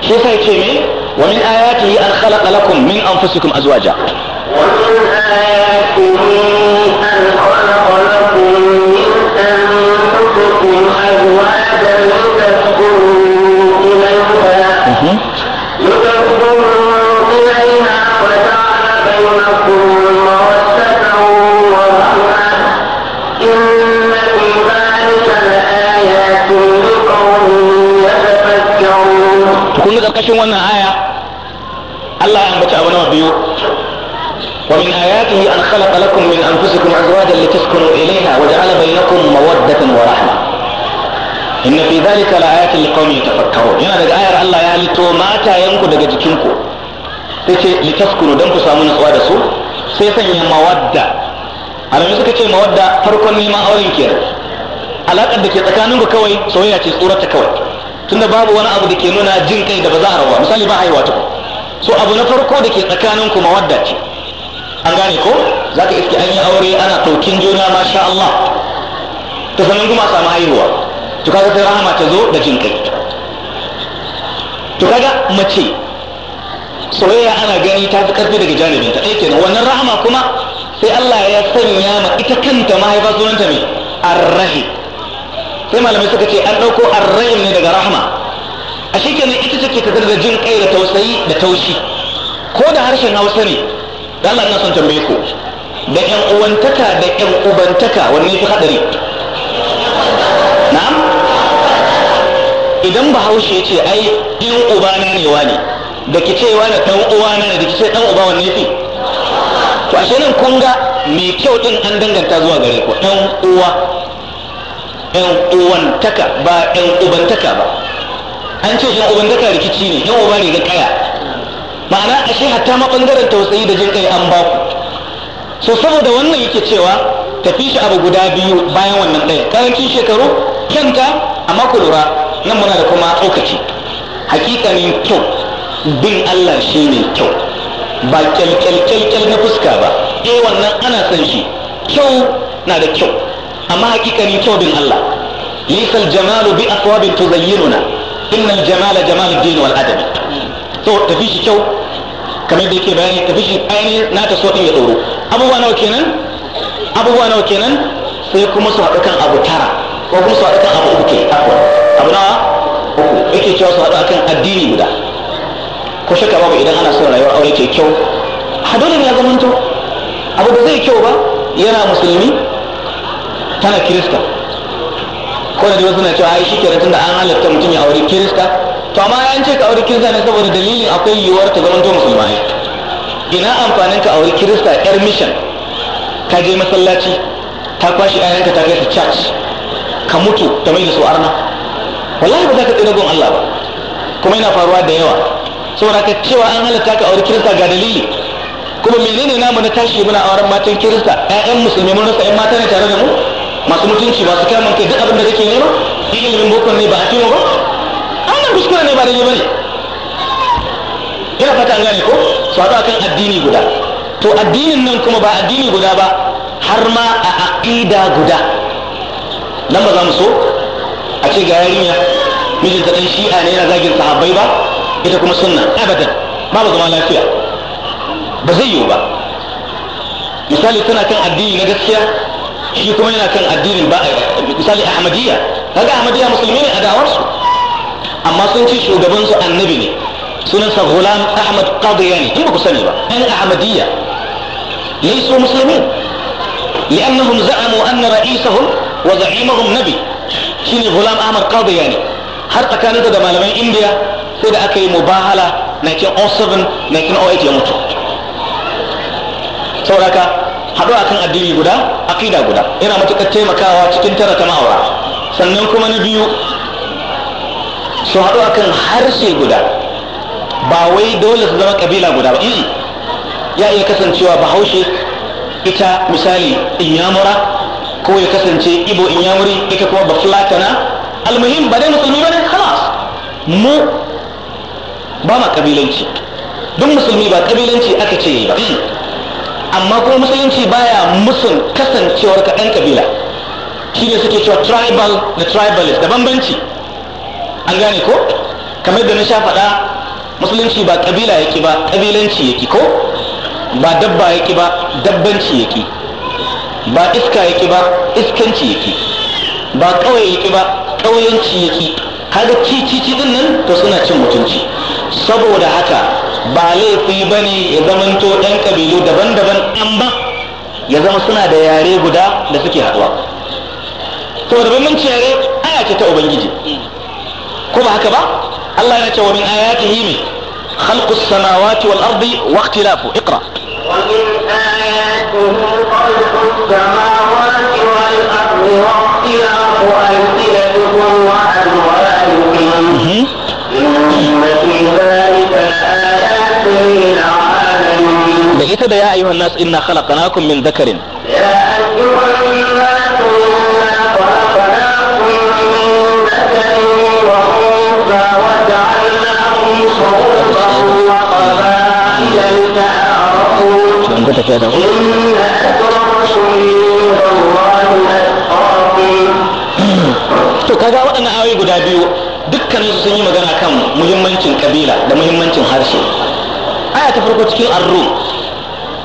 shi yasa yace me wa min ayatihi an khalaqa lakum min anfusikum azwaja wa min ayatihi an khalaqa lakum min anfusikum azwaja kun karkashin wannan aya Allah ya ambaci abu nawa biyu wa min ayatihi an khalaqa lakum min anfusikum azwajan litaskunu ilayha wa ja'ala bainakum mawaddatan wa rahma inna fi zalika laayatin liqaumin yatafakkarun yana daga ayar Allah ya halitto matayenku daga jikinku tace litaskunu dan ku samu nutsuwa da su sai sanya mawadda alamu suka ce mawadda farkon neman auren kenan alakar da ke tsakaninku kawai soyayya ce tsorata kawai tunda babu wani abu da ke nuna jin kai da ba za a rawa misali ba a yi wata so abu na farko da ke tsakaninku mawadda ce an gane ko za ka iske an yi aure ana taukin juna masha Allah ta sanin kuma samu haihuwa to kaga ta rahama ta zo da jin kai to kaga mace soyayya ana gani ta fi karfi daga jarabin ta kenan wannan rahama kuma sai Allah ya sanya ma ita kanta mahaifa sunanta mai arrahi sai malamai suka ce an ɗauko arrahi ne daga rahama a shi kenan ita take ta da jin kai da tausayi da taushi ko da harshen hausa ne da Allah ina son tambaye ku da ƴan uwantaka da ƴan ubantaka wanne fi hadari na'am idan bahaushe ya ce ai uba ubana ne wa ne da ki ce wani ɗan uwana ne da ki ce ɗan uba wanne fi to ashe nan kun ga mai kyau ɗin an danganta zuwa gare ku ɗan uwa ɗan uwantaka ba ɗan taka ba an ce ɗan taka rikici ne ɗan uba ne ga kaya ma'ana ashe hatta ma ɓangaren tausayi da jin kai an ba ku so saboda wannan yake cewa tafi shi abu guda biyu bayan wannan ɗaya karancin shekaru kyanta amma ku lura nan muna da kuma tsokaci hakikanin kyau bin Allah shi ne kyau ba kyalkyalkyalkyal na fuska ba e wannan ana san shi kyau na da kyau amma hakikanin kyau bin Allah lisal jamalu bi aswabin tuzayyinuna innal jamala jamalu din wal adab to tafi shi kyau kamar da yake bayani tafi shi ainihin na ta so din ya tsoro abubuwa nawa kenan abubuwa nawa kenan sai kuma su haɗu kan abu tara ko kuma su haɗu kan abu uku ke akwai abu na uku yake cewa su haɗu akan addini guda ko shakka babu idan ana son rayuwar aure ke kyau a dole ne ya zamanto abu da zai kyau ba yana musulmi tana kirista ko da wasu na cewa ai shi ke tunda an halatta mutum ya aure kirista to amma an ce ka aure kirista ne saboda dalilin akwai yiwuwar ta zamanto musulma ne ina amfanin ka aure kirista yar mission ka je masallaci ta kwashi ayanka ta kai ta church ka mutu ta mai da su arna wallahi ba za ka tsira gun Allah ba kuma yana faruwa da yawa saboda ka cewa an halatta ka aure kirista ga dalili kuma menene namu na tashi muna auren matan kirista ƴaƴan musulmi mun rasa ƴan mata ne tare da mu masu mutunci masu kamun kai duk abin da kake nema ilimin boko ne ba a kima ba wannan kuskure ne ba da bane yana fata an gane ko su haɗu kan addini guda to addinin nan kuma ba addini guda ba har ma a aƙida guda nan ba za mu so a ce ga yarinya mijinta dan shi'a ne yana zagin sahabbai ba ita kuma sunna abadan ba ba zama lafiya ba zai yiwu ba misali tana kan addini na gaskiya shi kuma yana kan addinin ba misali ahmadiyya kaga ahmadiyya musulmi ne a dawarsu amma sun ci shugaban su annabi ne sunan sa gulam ahmad qadiyani in ba ku sani ba ɗan ahmadiyya ليسوا مسلمين لأنهم زعموا أن رئيسهم وزعيمهم نبي shine gulam ahmad ya ne har tsakaninsa da malaman indiya sai da aka yi mubahala 1907 1908 ya mutu sauraka haɗu a kan addini guda aƙida guda yana matuƙar taimakawa cikin tara ta ma'aura sannan kuma na biyu su haɗu a kan harshe guda ba wai dole su zama ƙabila guda ba ya iya kasancewa bahaushe ita misali inyamura ko ya kasance ibo in wuri ita kuma ba fulatana almuhim ba dai musulmi ba ne halas mu ba ma kabilanci duk musulmi ba kabilanci aka ce ba amma kuma musulunci baya musun kasancewar ka ɗan kabila shi ne suke cewa tribal da tribalist da bambanci an gane ko kamar da na sha faɗa musulunci ba kabila yake ba kabilanci yake ko ba dabba yake ba dabbanci yake ba iska yake ba iskanci yake ba ƙauye yake ba ƙauyenci yake kaga cici din nan to suna cin mutunci saboda haka ba laifi ba ne ya zamanto ɗan ƙabilu daban-daban ɗan ba ya zama suna da yare guda da suke haɗuwa to saboda bambanci yare aya ce ta ubangiji ko ba haka ba Allah yana cewa min ayatihi min khalqus samawati wal ardi wa ikhtilafu iqra wa min ayatihi السماوات والأرض واختلاف ألسنتكم وألوانكم إن في ذلك لآيات للعالمين لقيت يا أيها الناس إنا خلقناكم من ذكر يا أيها الناس إنا خلقناكم من ذكر وأنثى وجعلناكم شعوبا وقبائل لتعارفوا إن to kaga waɗannan ayoyi guda biyu dukkanin sun yi magana kan muhimmancin kabila da muhimmancin harshe aya ta farko cikin ar-rum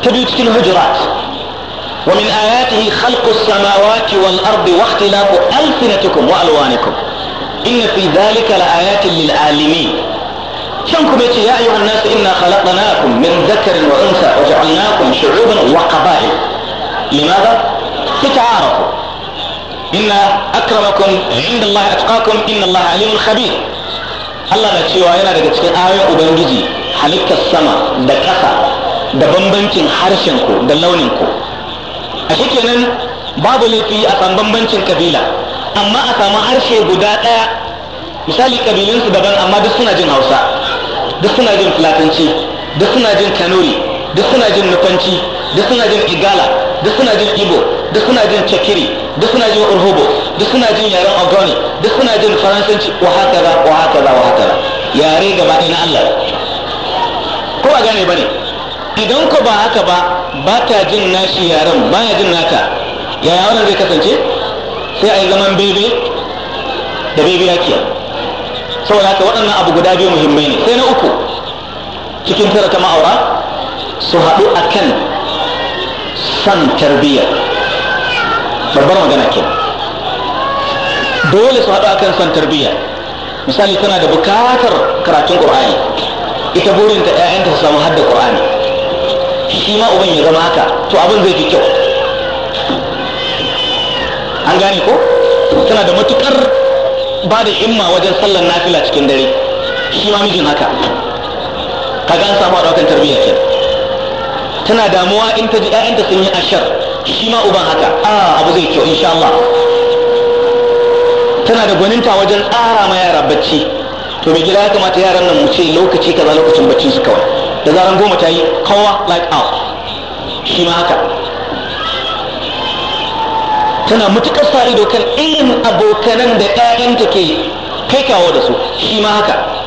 ta biyu cikin hujurat wa min ayatihi khalqu samawati wal ardi wa ikhtilafu alsinatikum wa alwanikum inna fi dhalika la ayatin lil alimin can kuma yace ya ayyuhan nas inna khalaqnakum min dhakarin wa unsa wa ja'alnakum shu'uban wa qaba'il لماذا؟ لتعارفوا إن أكرمكم عند الله أتقاكم إن الله عليم خبير Allah na cewa yana daga cikin ayoyin Ubangiji halittar sama da ƙasa da bambancin harshen ku da launin ku a kenan babu laifi a san bambancin kabila amma a samu harshe guda ɗaya misali kabilunsu daban amma duk suna jin Hausa duk suna jin Fulatanci duk suna jin Kanuri duk suna jin Nufanci duk suna jin Igala duk suna jin igbo duk suna jin cakiri duk suna jin urhobo duk suna jin yaren ogoni duk suna jin faransanci wa haka za wa haka za wa haka za yare gaba ɗaya na allah ko a gane ba ne idan ko ba haka ba ba ta jin nashi yaren ba ya jin naka yaya yawon zai kasance sai a yi zaman bebe da bebe kiya saboda haka waɗannan abu guda biyu muhimmai ne sai na uku cikin tara ta ma'aura su haɗu a kan san tarbiyyar babbar magana ke dole su haɗu akan san tarbiyya misali tana da bukatar karatun ƙur'ani ita burinta ƴaƴanta su samu hadda ƙur'ani shi ma uban ya zama haka to abin zai fi kyau an gane ko tana da matukar ba da imma wajen sallar nafila cikin dare shi ma mijin haka kaga an samu a ɗaukan tarbiyyar kenan tana damuwa in ta ji ƴaƴanta sun yi ashar shi ma uban haka abu zai kyau insha Allah tana da gwaninta wajen ƙara ma yara bacci to mai gida ya kamata yaran nan mu ce lokaci kaza lokacin bacci su kawai da zaran goma ta yi kowa like out shi ma haka tana matuƙar sa ido kan irin abokanan da ƴaƴanta ke kai kawo da su shi ma haka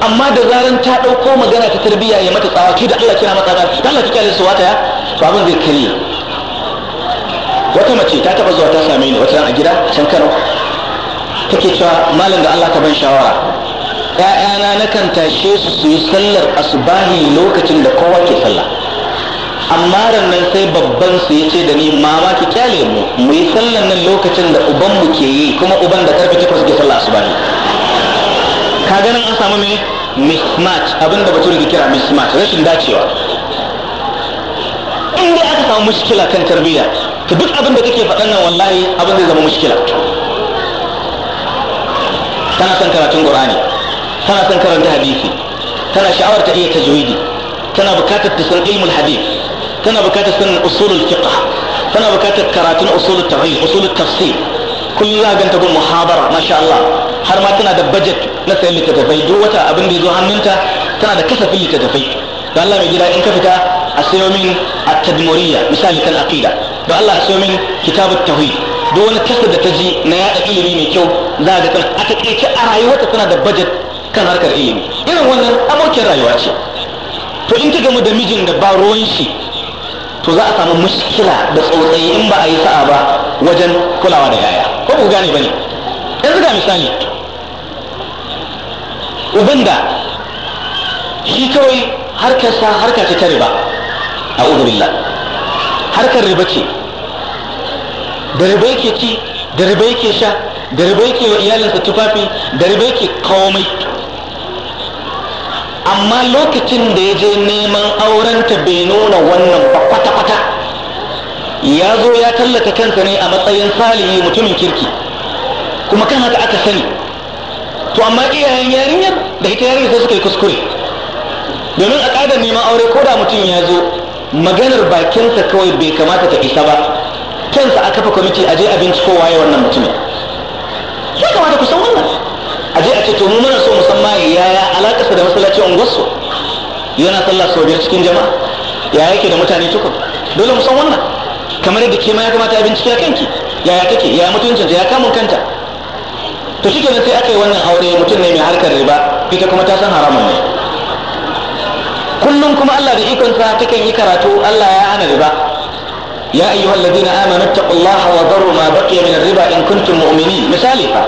amma da zaran ta ɗauko magana ta tarbiyya ya mata tsawa ke da Allah kina mata tsawa da Allah kike su wata ya to abin zai kare wata mace ta taba zuwa ta same ni wata a gida can Kano take cewa malam da Allah ka ban shawara ƴaƴana na kan tashe su su yi sallar asubahi lokacin da kowa ke sallah amma rannan sai babban su ya ce da ni mama ki kyale mu mu yi sallan nan lokacin da uban mu ke yi kuma uban da karfe takwas ke sallah asubahi ka ganin an samu mai mismatch abinda bature da kira mismatch rashin dacewa in dai aka samu mushkila kan tarbiyya to duk abin da kake faɗan nan wallahi abin zai zama mushkila tana son karatun qur'ani tana son karanta hadisi tana sha'awar ta iya tajwidi tana bukatar ta san ilmul hadith tana bukatar san usulul fiqh tana bukatar karatun usulul tauhid usulul tafsir kullu ganta gun muhabara masha Allah har ma tana da budget na sayan littattafai duk wata abin da ya zo hannunta tana da kasafin littattafai don Allah mai gida in ka fita a sayo min a tadmuriyya misali kan aqida don Allah a sayo min kitabut tauhid duk wani kasa da ta ji na yada ilimi mai kyau za ga tana a takaice a rayuwarta tana da budget kan harkar ilimi irin wannan amurkin rayuwa ce to in ka gamu da mijin da ba ruwan shi to za a samu mushkila da tsautsayi in ba a yi sa'a ba wajen kulawa da yaya ko ku gane ne yanzu ga misali uban da shi kawai harkarsa harka ce ta riba a uzubillah harkar riba ce da riba yake ci da riba yake sha da riba yake wa iyalinsa tufafi da riba yake komai amma lokacin da ya je neman aurenta bai nuna wannan ba kwata-kwata ya zo ya tallata kansa ne a matsayin salihi mutumin kirki kuma kan haka aka sani to amma iyayen yarinyar da ita yarinya sai suka yi kuskure domin a ƙadar neman aure ko da mutum ya zo maganar bakinsa kawai bai kamata ta isa ba kansa a kafa kwamiti a je a binciko waye wannan mutumin ya kamata ku san wannan a je a ce to mu muna so musamman yaya alaƙarsa da masallaci unguwarsu yana sallah sau biyar cikin jama'a ya yake da mutane tukun dole mu san wannan kamar yadda ke ma ya kamata a bincike kanki yaya take ya mutuncinta ya kamun kanta to shi kenan sai aka yi wannan aure mutum ne mai harkar riba ita kuma ta san haramun ne kullum kuma Allah da ikon sa takan yi karatu Allah ya hana riba ya ayyuhal ladina amanu taqullaha wa dharu ma baqiya min riba in kuntum mu'minin misali fa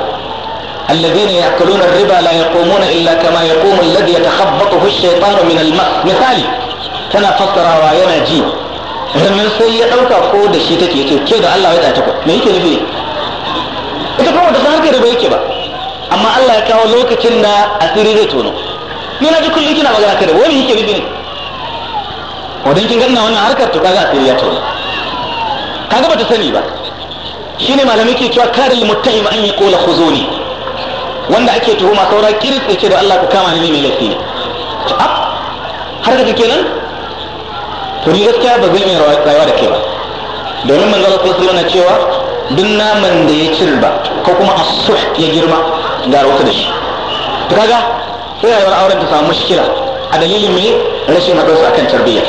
الذين يأكلون الربا لا يقومون إلا كما يقوم الذي يتخبطه الشيطان من الماء مثالي tana fassarawa yana ji sannan sai ya ɗauka ko da shi take ce ke da Allah ya ɗata ku me yake nufi ita kuma ta san harkar riba yake ba amma Allah ya kawo lokacin da asiri zai tono ni na ji kullum kina magana da wani yake ribi ne wadan kin ganna wannan harkar to kaga asiri ya tono kaga bata sani ba shine malamai ke cewa karil muttahim an yaqula khuzuni wanda ake tuhuma saura kiris ya ce da Allah ka kama ni mai laifi ne har da kenan to ni gaskiya ba zai yi rayuwa da ke ba domin manzo Allah sallallahu alaihi wasallam cewa duk naman da ya kirba ko kuma asuh ya girma ga rauta da shi ta kaga sai rayuwar auren ta samu mushkila a dalilin mai rashin haɗarsu akan tarbiyya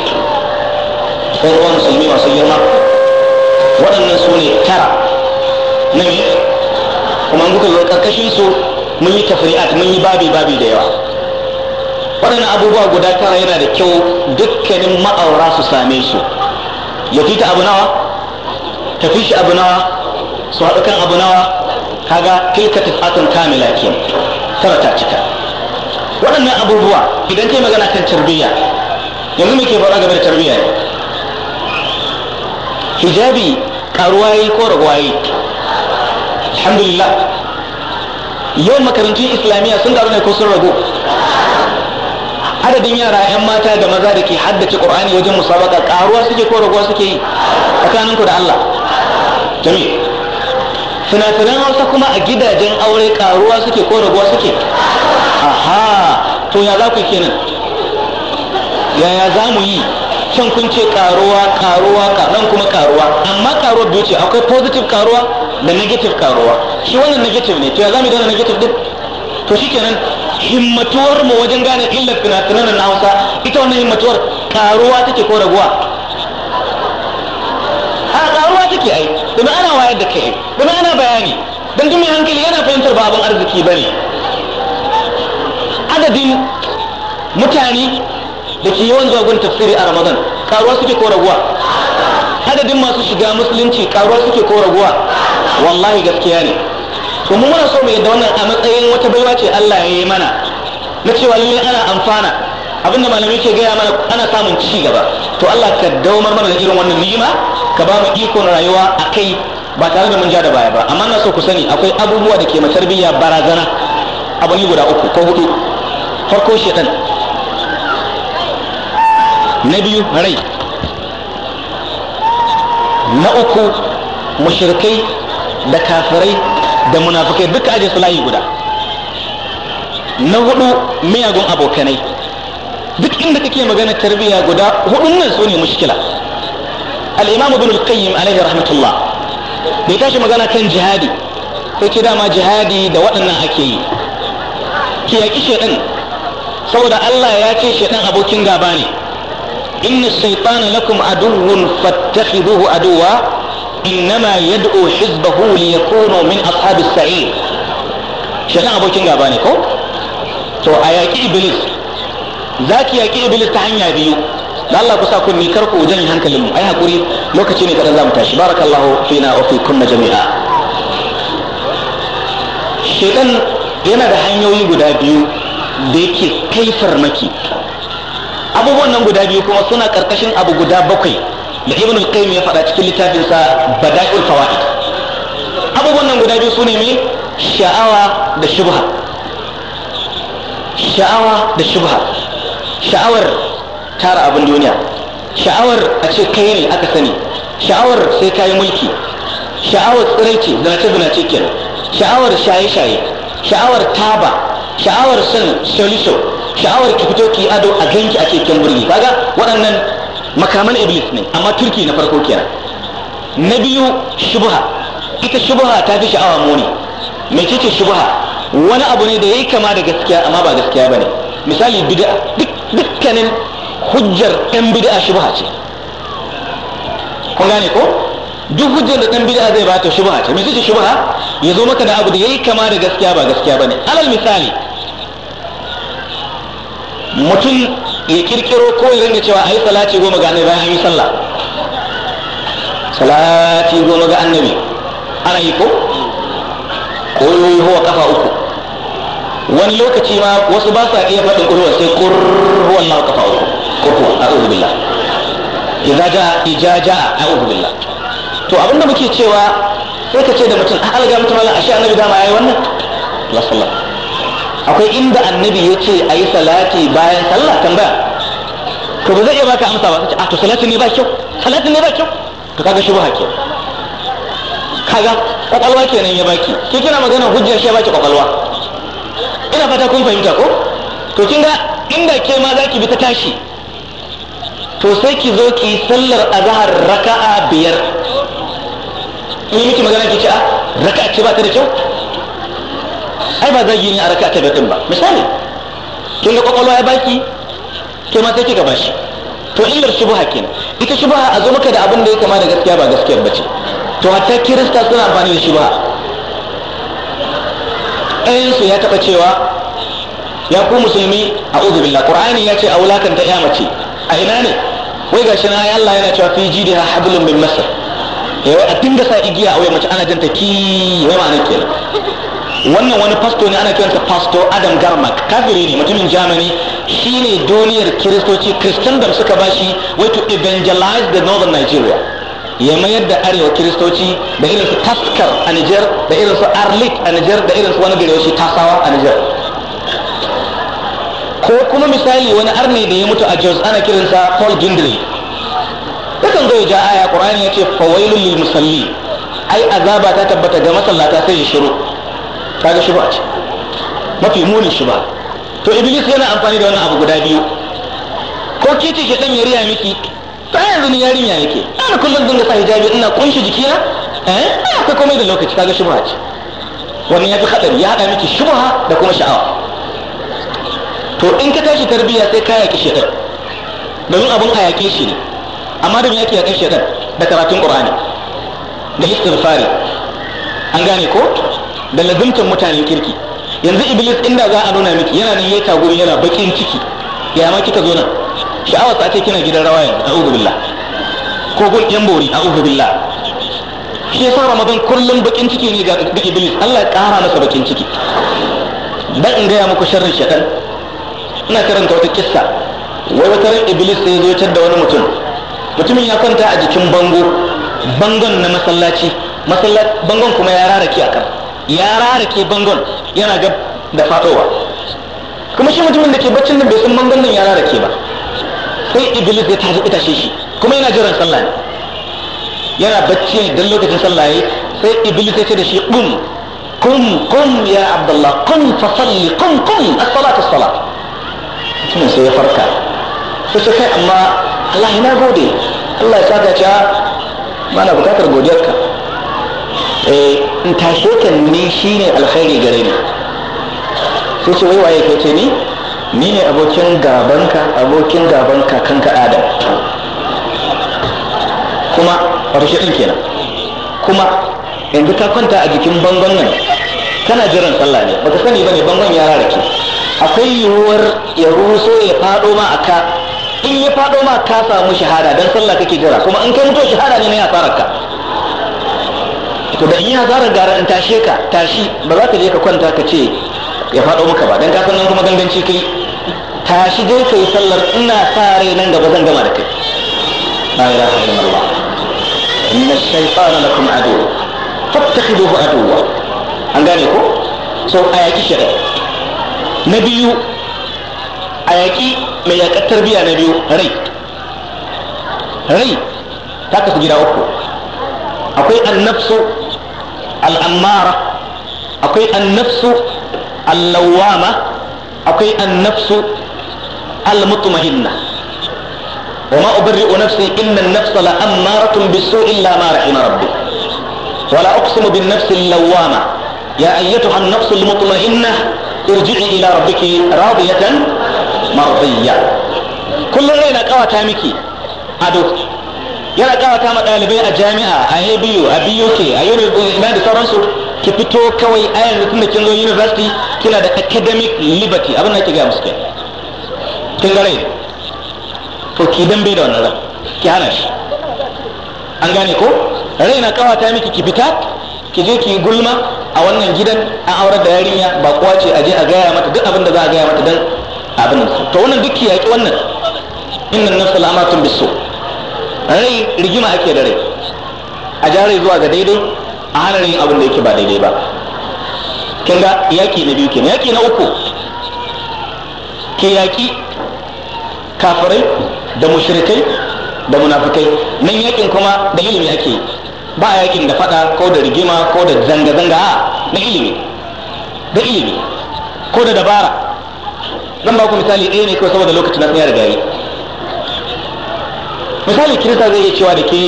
ko ruwan musulmi masu girma waɗannan su ne tara na me kuma muka zo ƙarƙashin su mun yi tafri'at mun yi babi babi da yawa waɗannan abubuwa guda tara yana da kyau dukkanin ma'aura su same su ya fita abu nawa tafi shi abu nawa su haɗu kan abu nawa kaga tilka tifatun kamila ke tara ta cika waɗannan abubuwa idan kai magana kan tarbiyya yanzu muke faɗa game da tarbiyya ne hijabi karuwa yi ko raguwa yi alhamdulillah yau makarantun islamiyya sun karu ne ko sun ragu adadin yara 'yan mata da maza da ke haddace ƙur'ani wajen musabaka karuwa suke ko raguwa suke yi tsakaninku da Allah jami'a fina-finan hausa kuma a gidajen aure karuwa suke ko raguwa suke aha to ya za ku kenan yaya za mu yi can kun ce karuwa karuwa nan kuma karuwa amma karuwa biyu ce akwai positive karuwa da negative karuwa shi wannan negative ne to ya za mu gane negative din to shi kenan himmatuwar mu wajen gane illar fina-finan na hausa ita wannan himmatuwar karuwa take ko raguwa a karuwa take ai domin ana wayar da kai domin ana bayani don hankali yana fahimtar baban arziki ba ne adadin mutane da ke yawan zuwa tafsiri a ramadan karuwa suke ko adadin masu shiga musulunci karuwa suke ko wallahi gaskiya ne to mu muna so mu yadda wannan a matsayin wata baiwa ce Allah ya yi mana na cewa lallai ana amfana abinda malamai ke gaya mana ana samun ci gaba to Allah ka daumar mana da irin wannan ni'ima ka ba mu ikon rayuwa a kai ba tare da mun ja da baya ba amma na so ku sani akwai abubuwa da ke ma tarbiyya barazana abu guda uku ko hudu farko shedan na biyu rai na uku mushrikai da kafirai da munafukai duka aje su layi guda na hudu miyagun abokanai duk inda kake magana tarbiyya guda hudun nan sune mushkila al-imam ibn al-qayyim alaihi rahmatullah bai tashi magana kan jihadi sai ki dama jihadi da waɗannan ake yi ki yaki shedan saboda Allah ya ce shedan abokin gaba ne inna shaytana lakum aduwwun fattakhiduhu aduwa innama yad'u hizbahu liyakunu min ashabis sa'ir shedan abokin gaba ne ko to a yaki iblis za ki yaƙi iblis ta hanya biyu da Allah ku sa kunni kar ku janye hankalin mu ai hakuri lokaci ne kadan za mu tashi barakallahu fina wa fi kunna jami'a shedan yana da hanyoyi guda biyu da yake kaifar maki abubuwan nan guda biyu kuma suna karkashin abu guda bakwai da ibn al-qayyim ya faɗa cikin littafinsa bada'ul fawaid abubuwan nan guda biyu su ne sha'awa da shubha sha'awa da shubha sha'awar tara abin duniya sha'awar a ce kai ne aka sani sha'awar sai ka yi mulki sha'awar tsiraici zinace zinace kenan sha'awar shaye shaye sha'awar taba sha'awar son solution sha'awar ki fito ki ado a ganki a cikin burgi kaga waɗannan makaman iblis ne amma turki na farko kenan na biyu shubha ita shubha ta fi sha'awa muni mecece shubha wani abu ne da ya yi kama da gaskiya amma ba gaskiya ba ne misali bid'a dukkanin hujjar ɗan bid'a shubha ce kun gane ko duk hujjar da ɗan bid'a zai bata shubha ce mece ce shubha ya zo maka da abu da yayi kama da gaskiya ba gaskiya bane alal misali mutum ya kirkiro ko ya ringa cewa ai salati goma ga annabi bayan yi sallah salati goma ga annabi ana yi ko ko yoyi huwa kafa uku wani lokaci ma wasu ba sa iya faɗin kurwa sai kurwan na kafa uku kurwa a uzu billah ijaja ijaja a uzu billah to abinda muke cewa sai ka ce da mutum a ah, alga mutum Allah ashe annabi dama yayi wannan la sallah akwai inda annabi ya ce a yi salati bayan sallah tambaya to ba zai iya baka amsa ba kace a ah, to salati ne ba kyau salati ne ba kyau to kaga shi ba kyau kaga kwakwalwa kenan ya baki ke kina magana hujjar shi ya baki kwakwalwa ina fata kun fahimta ko to kin ga inda ke ma zaki bi ta tashi to sai ki zo ki sallar azhar raka'a biyar in miki magana ki ce a ah, raka'a ce ba ta da kyau ai ba zagi ne a raka'a ta biyar ba misali kin ga kokolo ya baki ke ma sai gaba shi to illar shubha kenan ita shubha a zo maka da abin da ya kama da gaskiya ba gaskiyar bace to hatta kirista suna amfani da shubha ɗayansu ya taɓa cewa ya ku musulmi a uzubillah qur'ani ya ce a wulakanta ya mace a ina ne wai gashi na ya Allah yana cewa fi da hablum min masar eh a dinga sa igiya a wai mace ana janta ki wai ma'anar wannan wani pasto ne ana kiransa pasto adam garma kafiri ne mutumin germany shine duniyar kiristoci christendom suka bashi wai to evangelize the northern nigeria ya mayar da arewa kiristoci da irin su taskar a Nijar da irin su arlik a Nijar da irin su wani gari tasawa a Nijar ko kuma misali wani arne da ya mutu a Jos ana kiransa Paul Gindley yakan zai ja aya Qur'ani yace fawailul lil musalli ai azaba ta tabbata ga masallata sai ya shiru kaga shiru a ce mafi munin shiba to iblis yana amfani da wannan abu guda biyu ko kici shi dan ya miki Ka yanzu ni yarinya yake ana kullum zan sa hijabi ina kunshi jikina eh ai akwai komai da lokaci kaga shubha ce wannan ya fi hadari ya haɗa miki shubha da kuma sha'awa to in ka tashi tarbiyya sai ka yaki shedan domin abun a shi ne amma da me yake yakan shedan da karatun qur'ani da istighfari an gane ko da lazimtan mutanen kirki yanzu iblis inda za a nuna miki yana nan yayi tagumi yana bakin ciki ya ma kika zo nan sha'awar ta ce kina gidan rawa yanzu a'udhu billah ko gul yan bori a'udhu billah shi yasa ramadan kullum bakin ciki ne ga iblis Allah ya kara masa bakin ciki dan in gaya muku sharrin shaitan ina karanta wata kissa wai wata ran iblis sai zo da wani mutum mutumin ya kwanta a jikin bango bangon na masallaci masallaci bangon kuma ya rarake a kan ya rarake bangon yana gab da fatowa kuma shi mutumin da ke baccin da bai san bangon nan ya rarake ba sai iblis ya tashi itace shi kuma yana jiran sallah ne yana bacci da lokacin sallah yayi sai iblis ya ce da shi kum kum kum ya abdullah kum fa salli kum kum as-salatu as-salat mutumin sai ya farka sai sai kai amma Allah na gode Allah ya saka ta mana bukatar godiyarka eh in tashe ka ni shine alkhairi gare ni sai ce wai waye ke ce ni ni ne abokin gabanka abokin gaban kakanka adam kuma wato ɗin kenan kuma yanzu ka kwanta a jikin bangon nan kana jiran sallah ne baka sani bane bangon ya rarake akwai yiwuwar ya ruso ya fado ma a ka in ya fado ma ka samu shahada dan sallah kake jira kuma in kai mutuwa shahada ne na ya fara ka to da in ya zara gara in tashe ka tashi ba za ka je ka kwanta ka ce ya fado maka ba dan ka san nan kuma ganganci kai tashi dai kai sallar ina fara rai nan gaba zan gama da kai la ilaha illallah inna na kuma adu fattakhiduhu aduwa an gane ko so a yaki shari'a na biyu a yaki mai yakar tarbiya na biyu rai rai ta kasu gida uku akwai annafsu al'ammara akwai annafsu allawama akwai annafsu المطمئنة وما أبرئ نفسي إن النفس لأمارة بالسوء إلا ما رحم ربي ولا أقسم بالنفس اللوامة يا أيتها النفس المطمئنة ارجعي إلى ربك راضية مرضية كل غينا قوة تامكي هذا yana kawo ta ɗalibai a jami'a a abu a buk a yana da sauransu ki fito kawai a yanzu tun da kin zo university kina da academic liberty abin da ke gaya musu kenan kin ga rai to ki dan bai da wannan ran ki hana shi an gane ko rai na kawata miki ki fita ki je ki gulma a wannan gidan an aurar da yarinya ba kowa ce a je a gaya mata duk abin da za a gaya mata dan abin da to wannan duk ki yaki wannan innan nafsa la'amatun bisu rai rigima ake da rai a ja rai zuwa ga daidai a hana yin abin da yake ba daidai ba kin ga yaki na biyu kenan yaki na uku ke yaki kafirai da mushrikai da munafikai nan yakin kuma da ilimi ake ba a yakin da fada ko da rigima ko da zanga-zanga a da ilimi da ilimi ko da dabara zan ba ku misali ɗaya ne kawai saboda lokacin na tsayar gari misali kirista zai iya cewa da ke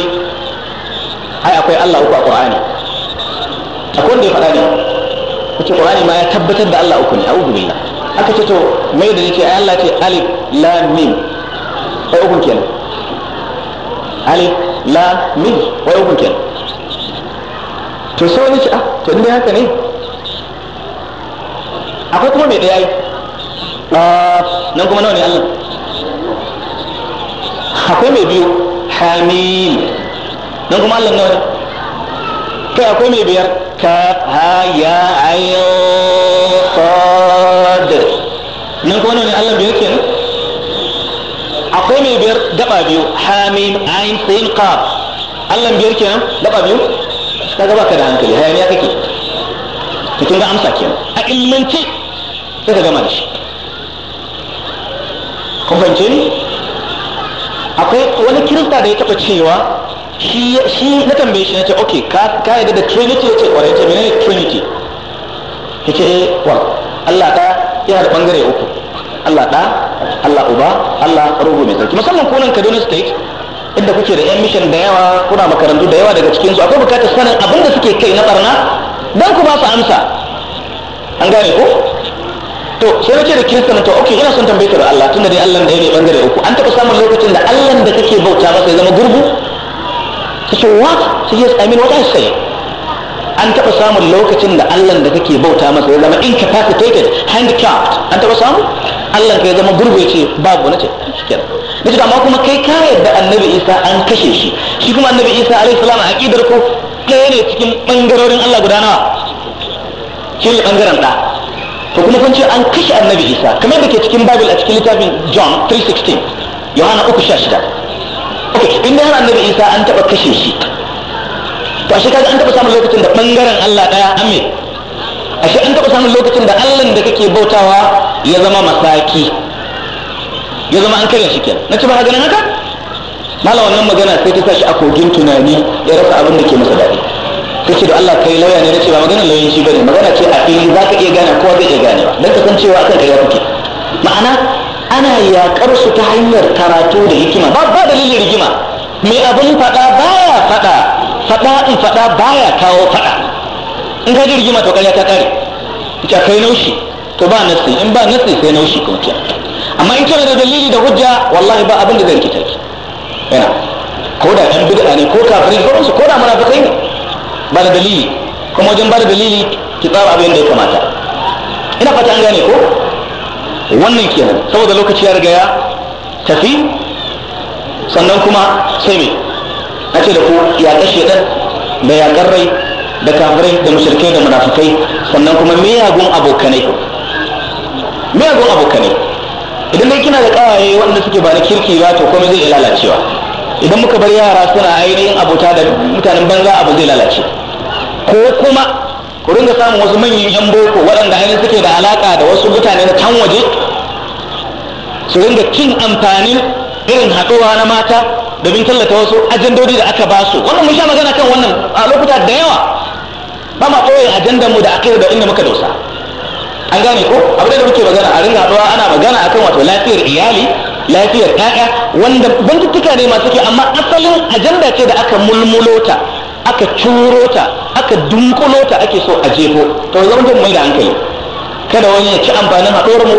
ai akwai Allah uku a Qur'ani akwai wanda ya faɗa ne ce Qur'ani ma ya tabbatar da Allah uku ne a'udhu billah aka ce to mai da yake Allah ce alif la mim wai hukun kenan alif la mim wai hukun kenan to sai wani ce ah to ne haka ne akwai kuma mai daya yi ah, nan kuma nawa ne Allah akwai mai biyu hamim nan kuma Allah nawa ne kai akwai mai biyar ka ha ya ayyau akwai mai biyar gaba biyu hamim ayin tsayin qaf Allah biyar kenan gaba biyu kaga baka da hankali hayaniya kake to kin ga amsa kenan a ilmance sai ka gama da shi kun fahimce ni akwai wani kirista da ya taba cewa shi na tambaye shi na ce ok ka yadda da trinity ya ce kwarai ce menene trinity ya ce eh wa Allah ta yana da bangare uku Allah ɗa Allah uba Allah ruhu mai sarki. musamman kunan Kaduna state inda kuke da yan mission da yawa kuna makarantu da yawa daga cikin su akwai bukatar sanin abin da suke kai na barna dan ku ba su amsa an gane ku? to sai nake da kiristan to okay ina son tambaye ka da Allah tunda dai Allah da ya ne bangare uku an taɓa samun lokacin da Allah da kake bauta masa ya zama gurgu kace what sai yes i mean what i say an taɓa samun lokacin da Allah da kake bauta masa ya zama incapacitated handicapped, an taɓa samu Allah ka zama gurbe ce babu na cikin shikenan na amma kuma kai ka yadda annabi Isa an kashe shi shi kuma annabi Isa alaihi salam a aqidar ku ɗaya ne cikin bangarorin Allah guda nawa shi ne bangaren da to kuma kun ce an kashe annabi Isa kamar da ke cikin babul a cikin littafin John 3:16 Yohana 3:16 okay inda har annabi Isa an taba kashe shi to ashe kaga an taba samun lokacin da bangaren Allah daya amme. ashe an taɓa samun lokacin da allan da kake bautawa ya zama masaki ya zama an karya shi kenan na ci ba ganin haka mala wannan magana sai ta tashi a kogin tunani ya rasa abin da ke masa daɗi ta ce da Allah kai lauya ne na ce ba magana lauyin shi bane magana ce a fili za ka iya gane kowa zai iya ba don ka san cewa akan kai ya kuke ma'ana ana yaƙar su ta hanyar karatu da hikima ba ba dalilin rigima mai abin fada baya fada fada in fada baya kawo fada in ka ji rigima to ƙarya ta ƙare ka kai naushi to ba nasi in ba nasi sai na wuce kuma kiyar amma in kana da dalili da hujja wallahi ba abin da zai rikita ki yana ko da ɗan bid'a ne ko kafirin ko su ko da munafikai ne ba da dalili kuma wajen ba da dalili ki tsara abin da ya kamata ina fata an gane ko wannan kenan saboda lokaci ya riga ya tafi sannan kuma sai me a ce da ku ya kashe ɗan da ya rai da kafirai da mushrikai da munafikai sannan kuma miyagun abokanai miyagun ne, idan dai kina da kawaye wanda suke ba na kirki ba to komai zai lalacewa idan muka bar yara suna ainihin abota da mutanen banza abu zai lalace ko kuma ku ringa samun wasu manyan yan boko waɗanda ainihin suke da alaka da wasu mutane na can waje su ringa cin amfanin irin haɗuwa na mata domin tallata wasu ajandodi da aka ba su wannan mun sha magana kan wannan a lokuta da yawa ba ma ɓoye ajandan mu da akira da inda muka dosa an gane ko abin da muke magana a ringa haɗuwa ana magana akan wato lafiyar iyali lafiyar ƴaƴa wanda bantuttuka ne masu ke amma asalin ajanda ce da aka mulmulota aka curo ta aka dunkulo ake so a jefo to yanzu mun mai da hankali kada wani ya ci amfanin haɗuwar mu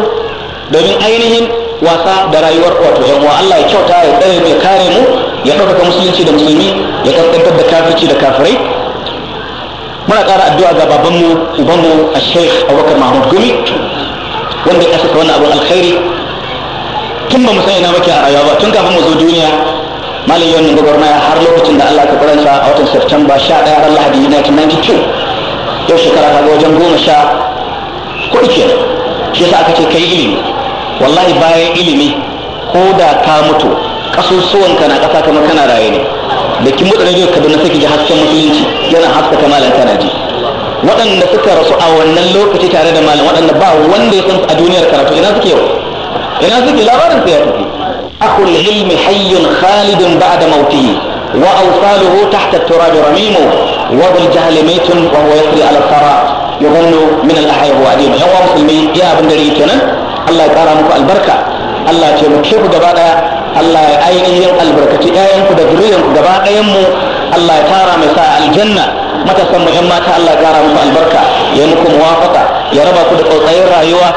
domin ainihin wasa da rayuwar wato yan uwa Allah ya kyauta ya tsare mu ya kare mu ya ɗaukaka musulunci da musulmi ya kaskantar da kafirci da kafirai muna ƙara addu'a ga babanmu ubanmu a sheikh abubakar mahmud gumi wanda ya saka wannan abin alkhairi tun ba mu san ina muke a rayuwa ba tun kafin mu zo duniya malam yawan ya har lokacin da allah ka baransa a watan sha 11 ran lahadi 1992 yau shekara ta wajen goma sha kuɗi ke shi yasa aka ce kai ilimi wallahi bayan ilimi ko da ka mutu kasusuwanka na ƙasa kamar kana raye ne da kin buɗe rediyo na saki ji hasken musulunci yana haska kamalan kana ji waɗanda suka rasu a wannan lokaci tare da malam waɗanda ba wanda ya san a duniyar karatu ina suke yau ina suke labarin sai ya tafi akul ilmi hayyun khalidun ba'da mawtihi wa awsaluhu tahta turab ramimu wa bil jahli maytun wa huwa yasri ala thara yughannu min al-ahya wa ya yawa musulmi ya abin dare kenan Allah ya kara muku albarka Allah ya ce mu ku gaba daya Allah ya ainihin albarkaci ƴaƴanku da zuriyanku gaba ɗayanmu Allah ya tara mai sa aljanna matasan mu mata Allah ya gara muku albarka ya muku muwafaka ya raba ku da tsautsayin rayuwa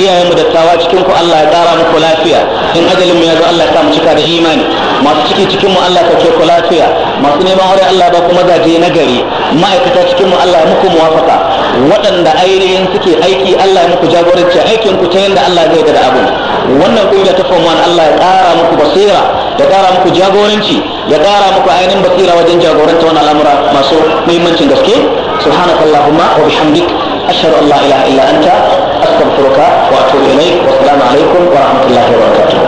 iyayenmu dattawa cikin ku Allah ya ƙara muku lafiya in ajalin mu ya zo Allah ya sa mu cika da imani masu ciki cikin mu Allah kake ku lafiya masu neman aure Allah ba ku mazaje na gari ma'aikata cikin mu Allah ya muku muwafaka waɗanda ainihin suke aiki Allah ya muku jagoranci aikin ku ta yadda Allah zai da abu wannan kungiya ta Foman Allah ya kara muku basira ya ƙara muku jagoranci ya ƙara muku ainihin basira wajen jagoranta wannan al'amura masu muhimmancin gaske subhanakallahumma wa bihamdik ashhadu an la ilaha illa anta أستغفرك وأتوب إليك والسلام عليكم ورحمة الله وبركاته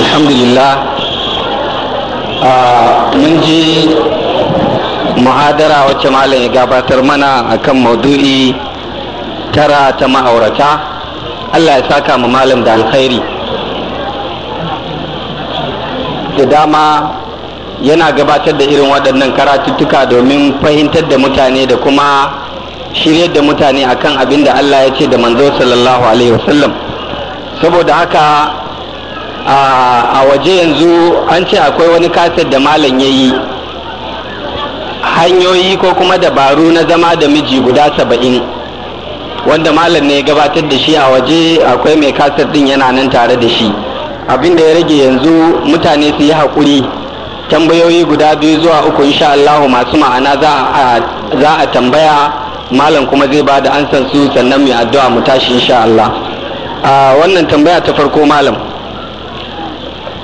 الحمد لله من جي muhadara wacce malam ya gabatar mana akan maudu'i tara ta ma'aurata Allah ya saka mu malam da alkhairi da dama yana gabatar da irin waɗannan karatuttuka domin fahimtar da mutane da kuma shiryar da mutane akan abin da Allah ya ce da manzo sallallahu alaihi wasallam saboda haka a waje yanzu an ce akwai wani kaset da malam ya yi hanyoyi ko kuma dabaru na zama da miji guda saba'in wanda malam ne ya gabatar da shi a waje akwai mai kaset din yana nan tare da shi abin da ya rage yanzu mutane su yi haƙuri tambayoyi guda biyu zuwa uku insha Allah masu ma'ana za a tambaya malam kuma zai ba da ansan su sannan mai addu'a mu tashi insha Allah wannan tambaya ta farko malam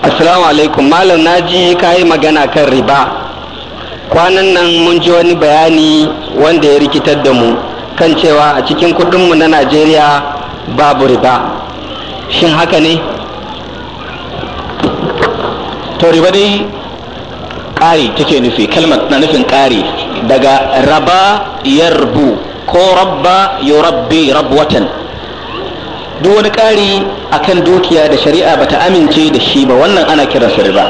assalamu alaikum malam naji ka yi magana kan riba kwanan nan mun ji wani bayani wanda ya rikitar da mu kan cewa a cikin kudinmu na najeriya babu riba shin haka ne to riba dai ƙari take nufi kalmar na nufin ƙari daga raba yarbu ko rabba yurabbi rabwatan duk wani ƙari akan dukiya da shari'a bata amince da shi ba wannan ana kiransa riba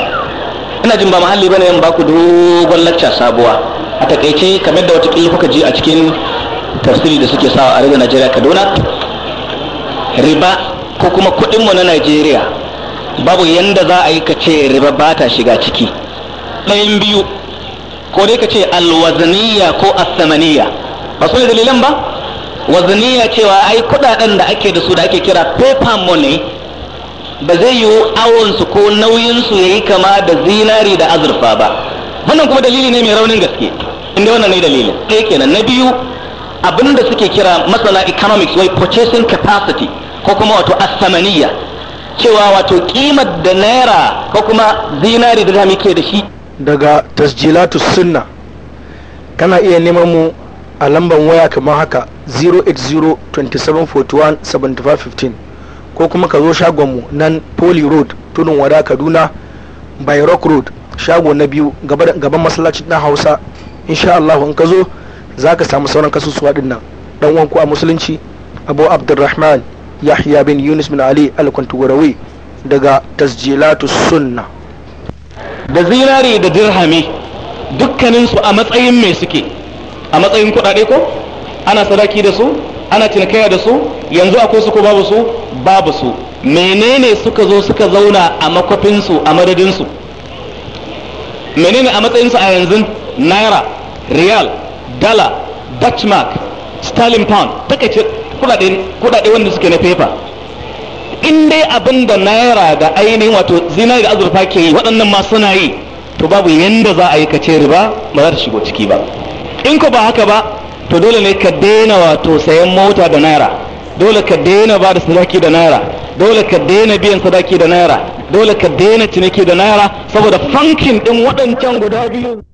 ina jin ba muhalli bane yan baku dogon lacca sabuwa a takaice kamar da watakila kuka ji a cikin tafsiri da suke sawa a rage najeriya kaduna riba ko kuma kuɗinmu na najeriya babu yadda za a yi ka ce riba ba ta shiga ciki ɗayan biyu ko dai ka ce alwazaniya ko asamaniya ba su ne dalilan ba wazaniya cewa ai kudaden da ake da su da ake kira paper money ba zai yi awonsu ko nauyinsu ya yi kama da zinari da azurfa ba wannan kuma dalili ne mai raunin gaske inda wannan ne dalilin ɗaya kenan na biyu abinda suke kira masana economics wai purchasing capacity ko kuma wato asamaniya cewa wato kimar da naira ko kuma zinari da zamu ke da shi daga tasjilatu sunna kana iya neman mu a lamban waya kamar haka 08027417515 ko kuma ka zo shagonmu nan poly road tunin wada kaduna by rock road shago na biyu gaban masallacin dan hausa insha Allah in ka zo za ka samu sauran kasusuwa din nan dan wanku a musulunci abu abdulrahman yahya bin yunus bin ali al daga tasjilatu sunna da zinare da dirhami dukkaninsu a matsayin mai suke a matsayin kuɗaɗe ko ana sadaki da su ana cinikaya da su yanzu akwai su ko babu su babu su menene suka zo suka zauna a makwafinsu a madadinsu menene a matsayinsu a yanzu naira riyal dala dutch mark sterling pound takaice kudade wanda suke na paper in dai abin da naira da ainihin wato zinari da azurfa ke yi waɗannan ma suna yi to babu yanda za a yi kace riba ba za ta shigo ciki ba in ko ba haka ba to dole ne ka daina wato sayan mota da naira dole ka daina ba da sadaki da naira dole ka daina biyan sadaki da naira dole ka daina ciniki da naira saboda fankin ɗin waɗancan guda biyu